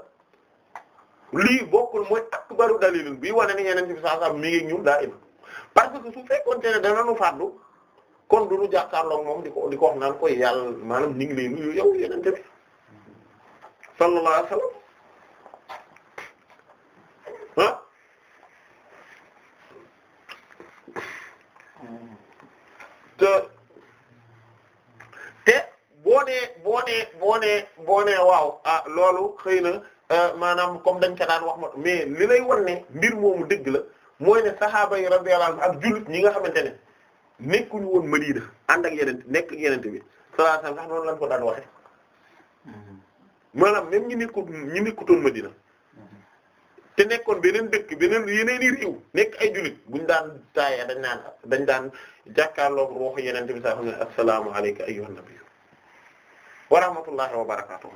lii bokkul mooy akbaru dalil bi wane ne yeneen bi sallallahu alayhi ñun daa im parce que su fekkoonte ne dana nu fàddu kon du nu jàkkaarloog moom di ko di ko wax naan koy yàlla maanaam ñu ngi lay nuyu yow yeneen tamit sallallahu alayhi wasallam ah te boo nee boo nee boo nee waaw ah loolu xëy na euh, maanaam comme dañ ca daan wax ma mais li lay wan ne mbir moomu dëgg la mooy ne sahaaba yi radiyallahu anhum ak jullit ñi nga xamante ne nekkuñu woon Madina ànd ak yeneen nekk ak yeneen bi sallallahu sax noonu lañ ko daan waxe mm-hmm. maanaam même ñi nekkut ñi nekkutoon Madina mm-hmm. te nekkoon beneen dëkk beneen yeneen i réew nekk ay jullit buñ daan taaya dañ naan dañ daan jàkkaarloog ruuxu yeneen bi sax xam ne assalaamu alayka ayyuhan nabiy wa rahmatullahi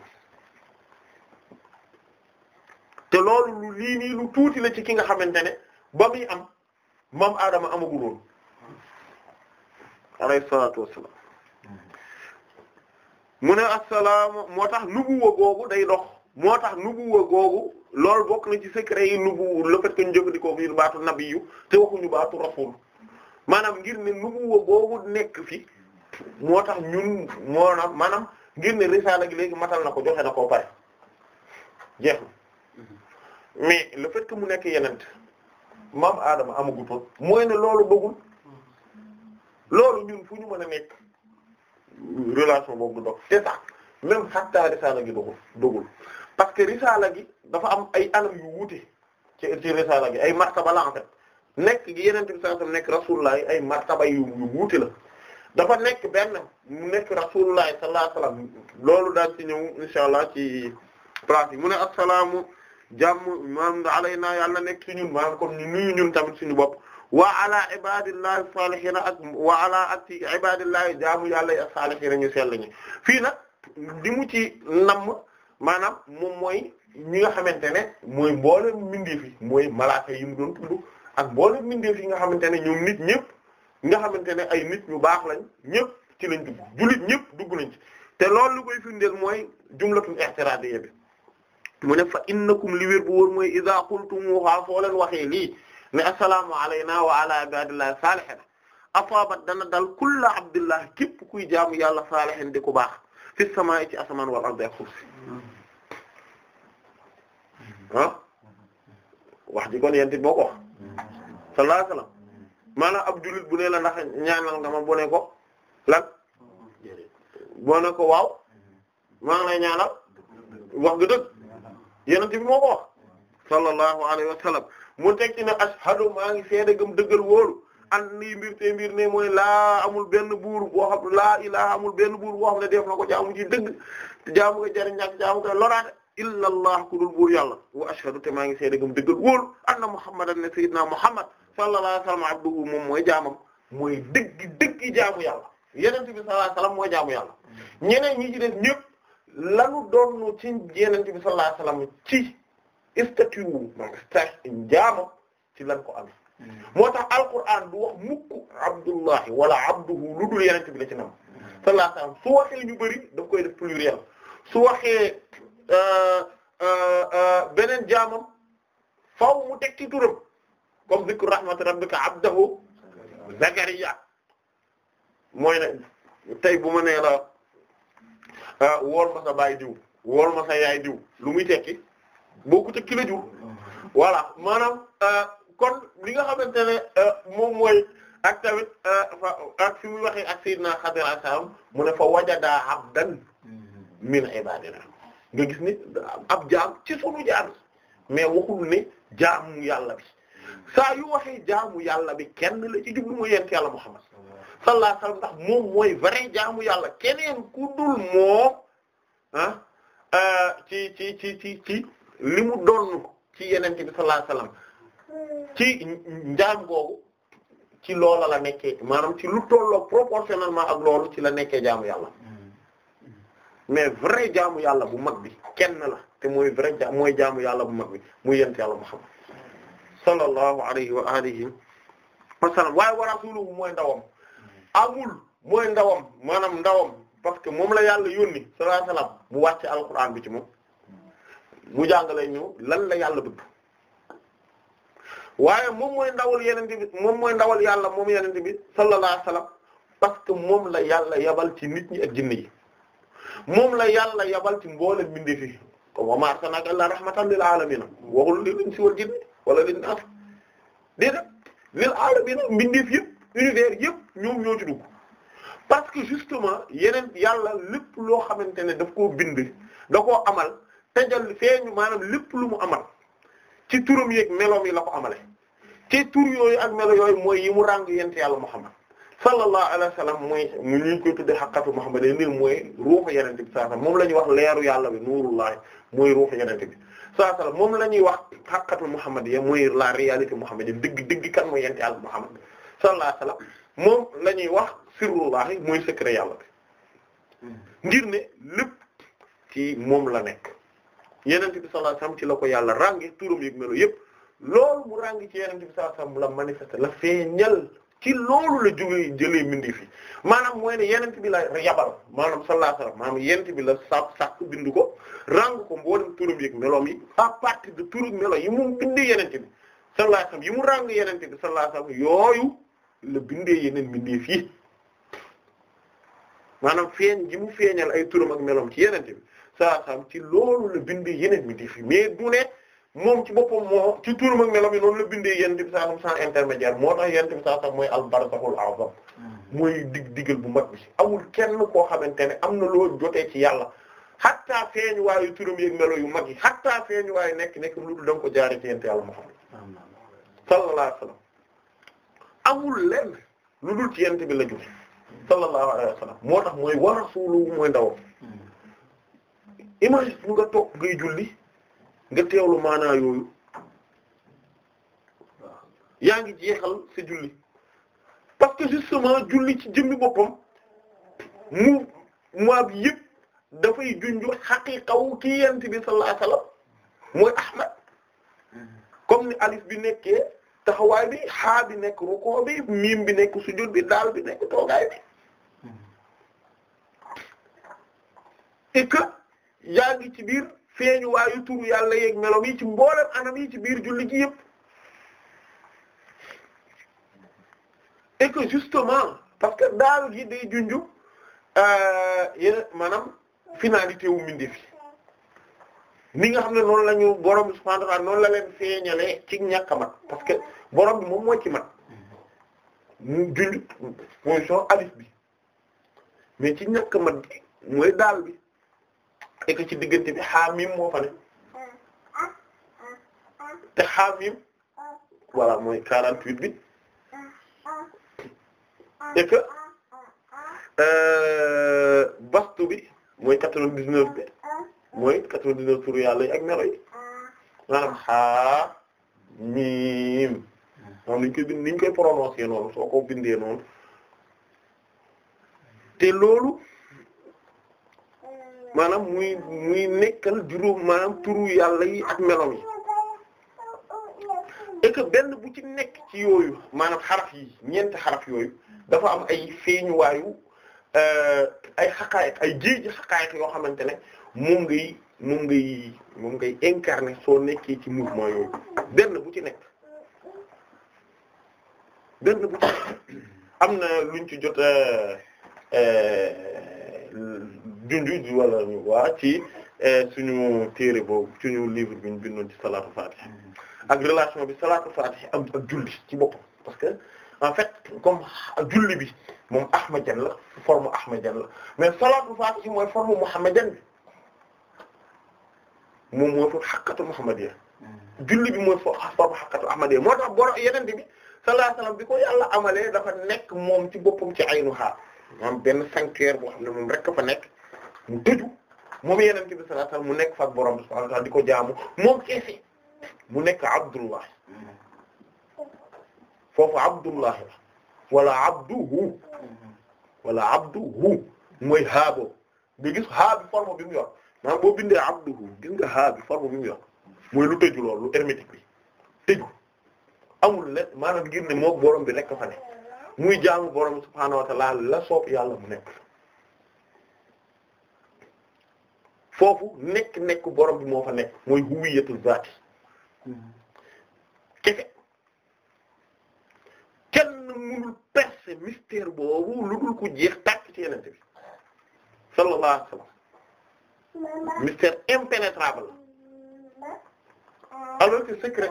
te loolu lu lii lu tuuti la ci ki nga xamante ne ba muy am maam Adama amagul woon alayhi salaatu wassalaam mu ne assalaamu moo tax nubuwa googu day dox moo tax nubuwa googu lool bokk na ci secret yi nubu le fait que ñu jëfandikoo fi baatu nabiyu te waxuñu baatu rasul maanaam ngir ne nubuwa googu nekk fi moo tax ñun moo na maanaam ngir ne risaala gi léegi matal na ko joxe na ko pare jeex mm-hmm. mais le fait mu nekk yenent maam aadama amagutoon mooy ne loolu bëggul loolu ñun fu ñu mën a nekk relation boobu du dox te sax même hatta risaala gi doxul dogul parce que risaala gi dafa am ay anam yu wuute ci ci risaala gi ay martaba la nekk gi yeneen bi sallallahu alayhi wasallam nekk ay martaba yu yu la dafa nekk benn mu nekk rasulullah sallallahu alayhi wasallam loolu daal ci ñëw insha allah ci pratique mu ne assalaamu jàmm maam alaynaa yàlla nekk ci ñun maam kon ñu ñun tamit suñu bopp wa ala ibadillahi salihina ak wa ala ak ci ibadillahi jaamu yàlla yi ak salihina ñu sell ñi fii nag li mu ci namm maanaam moom mooy ñi nga xamante ne mooy mboolem mbindeef yi mooy malaaka yi mu doon tudd ak mboolem mbindeef yi nga xamante ne ñoom nit ñëpp nga xamante ne ay nit ñu baax lañ ñëpp ci lañ dugg jullit ñëpp dugg nañ ci te loolu lu koy firndeel mooy jumlatul i'tiradiyya bi mu ne fa innakum li wér bu wóor mooy iza qultumuha soo leen waxee lii ne assalaamu alayna wa ala ibadillahi saalihin asaabat dana dal kulla abdillah képp kuy jaamu yàlla saalihin di ku baax fi samaa'i ci asamaan wal ardi ak suuf si ah wax ji yenti boo wax sallallahu alayhi wasallam maanaam ab jullit bu ne la ndax ñaanal nga ma bu ne ko lan boo ko waaw maa ngi lay ñaanal wax nga dëgg yonent bi moo ko wax sallallahu alayhi wa sallam mu tekki ne ashhadu maa ngi seede gëm dëggal wóolu an nii mbir mbir ne mooy laa amul benn buur boo laa ilaha amul benn buur boo xam ne def na ko jaamu ci dëgg jaamu ko jariñ ñàkk jaamu ko loraate illa allah ku dul buur wa ashhadu te maa ngi seede gëm dëggal wóolu anna muhammadan ne sayyidina muhammad sallallahu alayhi wa abduhu moom mooy jaamam mooy dëgg dëgg jaamu yàlla yonent bi sallallahu alayhi wa jaamu yàlla ñeneen ñi ci def ñëpp lanu doon ci yenente bi sallallahu alayhi wasallam ci statut wu statut njaamo ci lan ko am mm. moo tax alquran du wax mukk abdullahi wala abduhu lu dul yenente bi la ci nam sallallahu alayhi wasallam su waxee ñu bëri daf koy def pluriel su waxee euh, euh, euh, beneen jaamam faaw mu teg ci turam comme zikru rahmat rabbika abdahu zakariya mooy ne tey bu ma nee Ah, wool ma sa baay diw wool ma sa yaay diw lu muy tekki bokku te ki jur voilà maanaam ah, kon li nga xamante ne ah, moom mooy ak tamit ak fi muy waxee ak Seydina Xadir alayhi mu ne fa wajada abdan min ibadina nga gis ni ab jaam ci sunu jaam mais waxul ne jaamu yàlla bi saa yu waxee jaamu yàlla bi kenn la ci jublu mooy yent yàlla Muhammad sallallahu alayhi wasallam ndax moom mooy vrai jaamu yàlla keneen ku dul moom ah euh, ci ci ci ci ci li mu doon ci yenente bi sallallahu alayhi ci njaam googu ci loola la nekkee maanaam ci lu tolloo proportionnellement ak loolu ci la nekkee jaamu yàlla mais vrai jaamu yàlla bu mag bi kenn la te mooy vrai ja mooy jaamu yàlla bu mag bi muy yent yàlla Muhammad sallallahu alayhi wa alihi wa sallam waaye wa rasuluhu mooy ndawam amul mooy ndawam maanaam ndawam parce que moom la yàlla yónni sallallahu alayhi wasallam mu wàcce alquran bi ci moom mu jàngale ñu lan la yàlla bëgg waaye moom mooy ndawal yeneen bi moom mooy ndawal yàlla moom yeneen bi sallallahu alayhi wasallam parce que moom la yàlla yabal ci nit ñi ak jinne yi moom la yàlla yabal ci mboolem bindee fi comme ma maa arsalnaaka illaa rahmatan lil aalamiin waxul li liñ si wal jinne lil aalamiin mbindeef yëpp univers yëpp ñoom ñoo ci parce que justement yeneen yàlla lépp loo xamante ne daf koo bind da koo amal tajal feeñu maanaam lépp lu mu amal ci turam yeeg meloom yi la ko amale ci tur yooyu ak melo yooyu mooy yi mu ràng yent yàlla Muhammad sallallahu alayhi wa sallam mooy mu ñu koy tudde xaqatu Muhammad ni mooy ruuxu yenente bi sallallahu moom la ñuy wax leeru yàlla bi nuurullahi mooy ruuxu yenente bi sallallahu sallam moom la ñuy wax xaqatu Muhammad ya mooy la réalité Muhammad dëgg dëgg kan mooy yent yàlla Muhammad sallallahu alayhi wasallam moom la ñuy wax sirrullahi mooy secret yàlla bi hmm. ngir ne lépp ci moom la nekk yenent bi sallallahu alayhi ci la ko yàlla rànge turam yëg melo yëpp loolu mu rànge ci yenent bi sallallahu alayhi wasallam la manifesté la feeñal ci loolu la jógee jëlee mindi fi maanaam mooy ne yenent bi la yabal maanaam sallallahu alayhi wasallam maanaam yenent bi la sa sàkk bind ko rang ko mboolem turam yëg meloom yi à partir de turam melo yi mu bind yenent bi sallallahu alayhi yi mu ràng yenent bi sallallahu la bindee yeneen bindee fii maanaam feeñ ji mu feeñal ay turam ak meloom ci yeneen bi saa xam ci loolu la bindee yeneen bindee fii mais du ne moom ci boppam moo ci turam ak meloom yi noonu la bindee yeneen bi saa xam sans intermédiaire moo tax yeneen bi saa xam mooy al-barzakhul a'zam hmm. mooy dig digal bu mag bi amul kenn koo xamante ne am na loo jotee ci yàlla xattaa feeñ waayu turam yeeg melo yu mag yi xattaa feeñ waayu nekk nekk lu dul da nga ko amul lenn lu dul ci yent bi la jóge moo tax mooy wa rasuluhu mooy ndawam image ñu nga toog ngay julli nga teewlu maanaa yooyu yaa ngi jeexal sa julli parce que justement julli ci jëmmi boppam mu mois bi yëpp dafay junju xaqiqawu ki yent bi sallallahu alayhi wa sallam mooy Ahmad comme ni alif bi nekkee taxawaay bi xaa bi nekk ruku bi miim bi nekk sujud bi daal bi nekk toogaay bi et que ngi ci biir feeñu waayu turu yàlla yeeg melom yi ci mboolem anam yi ci biir julli gi yëpp et justement parce que daal yi day junju euh, yéen maanaam finalité wu mindi fi ni nga xam ne noonu la ñu borom subhanahu a ta'ala la leen feeñalee ci ñàkk a borom bi moom moo ci mat mu julli position alif bi mais ci ñàkk mat bi mooy daal bi ek ci diggante bi xaamim moo fa ne te xaamim voilà mooy quarante-huit bi et que euh, bastu bi mooy quatre vingt dix bi mooy quatre-vingt-dix-neuf tur yàlla yi ak melo yi maanaam xaamim moom niñ koy bind niñ koy prononcé noonu soo ko bindee noonu te loolu maanaam muy muy nekkal juróom maanaam turu yàlla yi ak melom yi et benn bu ci nekk ci yooyu maanaam xaraf yi ñeenti xaraf yooyu dafa am ay feeñuwaayu euh, ay xaqaayiq ay jéeji xaqaayiq yoo xamante ne mu ngay moom ngay moom ngay incarner soo nekkee ci mouvement yooyu benn bu ci nekk dégg nga am na luñ ci jot euh, junj wala waa ci euh, suñu téere boobu suñu livre bi ñu bindoon ci salaatu faatihi mm-hmm. ak relation bi salaatu faatihi am julli ci boppam parce que en fait comme julli bi moom ahmadienne jan forme ahmadienne la mais salaatu faatihi mooy forme muhammadienne bi moom mooy forme xakkatu muhammadiyya mm-hmm. julli bi mooy forme xakkatu ahmadiyya moo tax boro yeneen bi sallallahu alayhi wasallam bi ko yàlla amalee dafa nekk moom ci boppam ci aynu xaar maanaam benn sanctuaire boo xam ne moom rek fa nekk mu tëju moom yeneen mu nekk fa borom subhanahu wa di ko jaamu keese mu nekk abdullah foofu abdullah la wala abduhu wala abduhu mooy haabo nga gis haabi forme bi mu yor maanaam boo abduhu gis haabi forme bi mu yor mooy lu tëju loolu lu hermétique bi tëju amul le maanaam ngir ne moom borom bi nekk fa ne muy jaamu borom subhaanahu wa ta'ala la soob yàlla mu nekk foofu nekk nekk borom bi moo fa nekk mooy huwiyatul zaati kefe kenn mënul percer mystère boobu lu dul ko jeex tàkk ci yenente bi sallallahu alayhi wa sallam mystère impénétrable alors que secret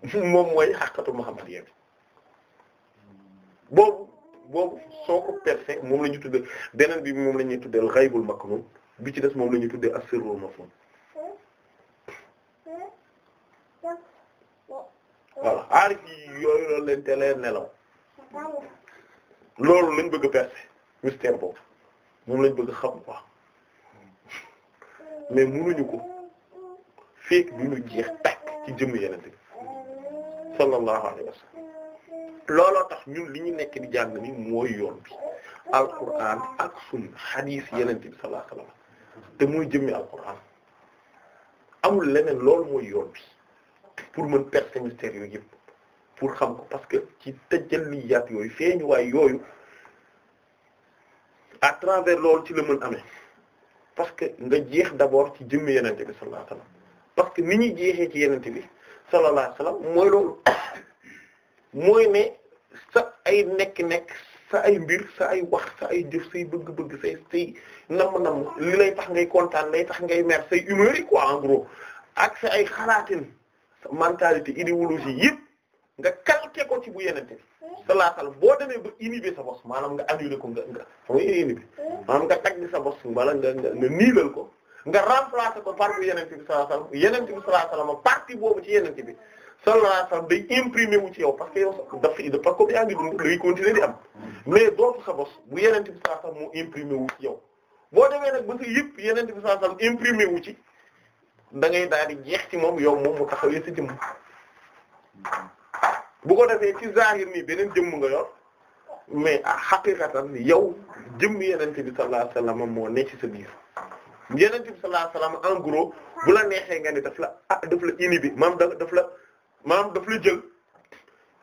[LAUGHS] moom mooy xaqatu muhammadiyya boobu boobu soo ko percé moom la ñu tuddee beneen bi moom la ñuy tuddee al-ghaybul maknun bi ci des moom la ñuy tuddee as-sirrul mafhum voilà aarif yi yooyu loolu te leen nelaw loolu lañ bëgg a percé mystère moom lañ bëgg a xam quoi mais munuñu ko fekk du ñu jeex tàkk ci jëmm yeneen bi sallallahu alayhi wa looloo tax ñun li ñu nekk di jàng ni mooy yoon bi alquran ak sunna xadiis yenente bi sallallahu alayhi wa te muy jëmmi alquran amul leneen loolu mooy yoon bi pour mën percer mystère yooyu yëpp pour xam ko parce que ci tajalliyaat yooyu feeñu waay yooyu à travers loolu ci la mën amee parce que nga jeex d'abord ci jëmmi yenente bi sallallahu alayhi wa sallam parce que ni ñuy jeexee ci yenente bi sallallahu alayhi wasallam mooy loolu mooy ne sa ay nekk-nekk sa ay mbir sa ay wax sa ay jëf say bëgg-bëgg say say namm-namm li lay tax ngay kontaan lay tax ngay mer say humeur yi quoi ak sa ay xalaatin sa mentalité idéologie yëpp nga calqué ko ci bu yenente sallallahu alayhi wasallam boo demee ba inhiber sa bopp maanaam nga annulé ko nga nga hmm. sa bopp wala nga nga niilal ko nga remplacer ko par bu yenente bi sallallahu alayhi wasallam yenente bi sallallahu alayhi wasallam partie boobu ci yenente bi sallallahu alayhi wasallam day imprimer wu ci yow parce que yow daf parce que yaa ngi dund day continuer di am mais dootu sa bos bu yenente bi sallallahu alayhi wasallam moo imprimer wu ci yow boo demee nag ba sa yëpp yenente bi sallallahu alayhi wasallam imprimer wu ci da ngay daal di jeex ci moom yow moom mu taxawee sa jëmm bu ko defee ci zahir nii beneen jëmm nga yor mais ah haqiqatan yow jëmm yenente bi sallallahu alayhi wasallam moo ne ci sa biir Yonent bi sallallahu alayhi wasallam en bu la neexee nga ni daf la ah maam da daf la maam daf la jël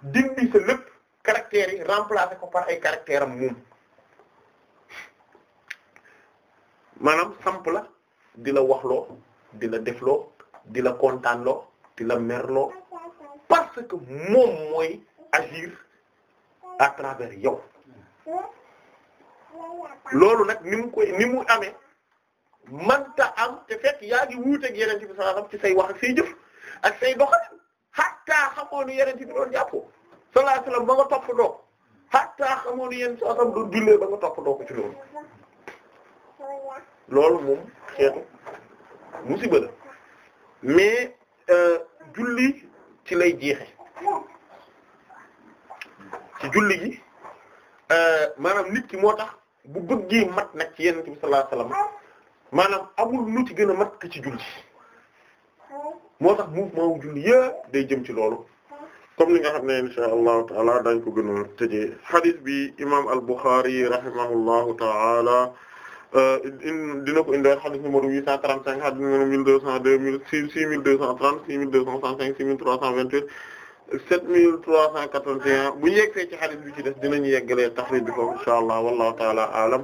dindi sa lépp caractères yi remplacer ko par ay caractères am maanaam samp la di la waxloo dina defloo di la kontaanloo di la parce que moom mooy agir à travers yow loolu nag ni koy ni mu amee manta am te fekk yaa ngi wuuteeg yeneen bi sallallahu alayhi ci say wax ak say jëf ak say doxalin hatta xamoo ni yeneen bi doon jàppoo sallallahu alayhi ba nga topp doo hatta xamoo ni yeneen sallallahu ba nga topp doo ko ci loolu loolu moom xeetu musiba la mais euh, julli ci lay jeexe ci julli gi euh, maanaam nit ki moo tax bu bëggee mat nag ci yeneen bi sallallahu alayhi maanaam amul lu ci gën a mat ci julli moo tax mouvement wu julli yëpp day jëm ci loolu comme ni nga xam ne insha allahu taala dañ ko gën a tëjee hadith bi imam al-Bukhari rahimahullahu taala euh, dina ko indiwaat hadith numéro 835 hadith numéro 1202 6230 6265 6328 7381 bu ñu yegsee ci bi ci def dinañu yeggalee taxrij bi foofu insha allah wallahu taala alam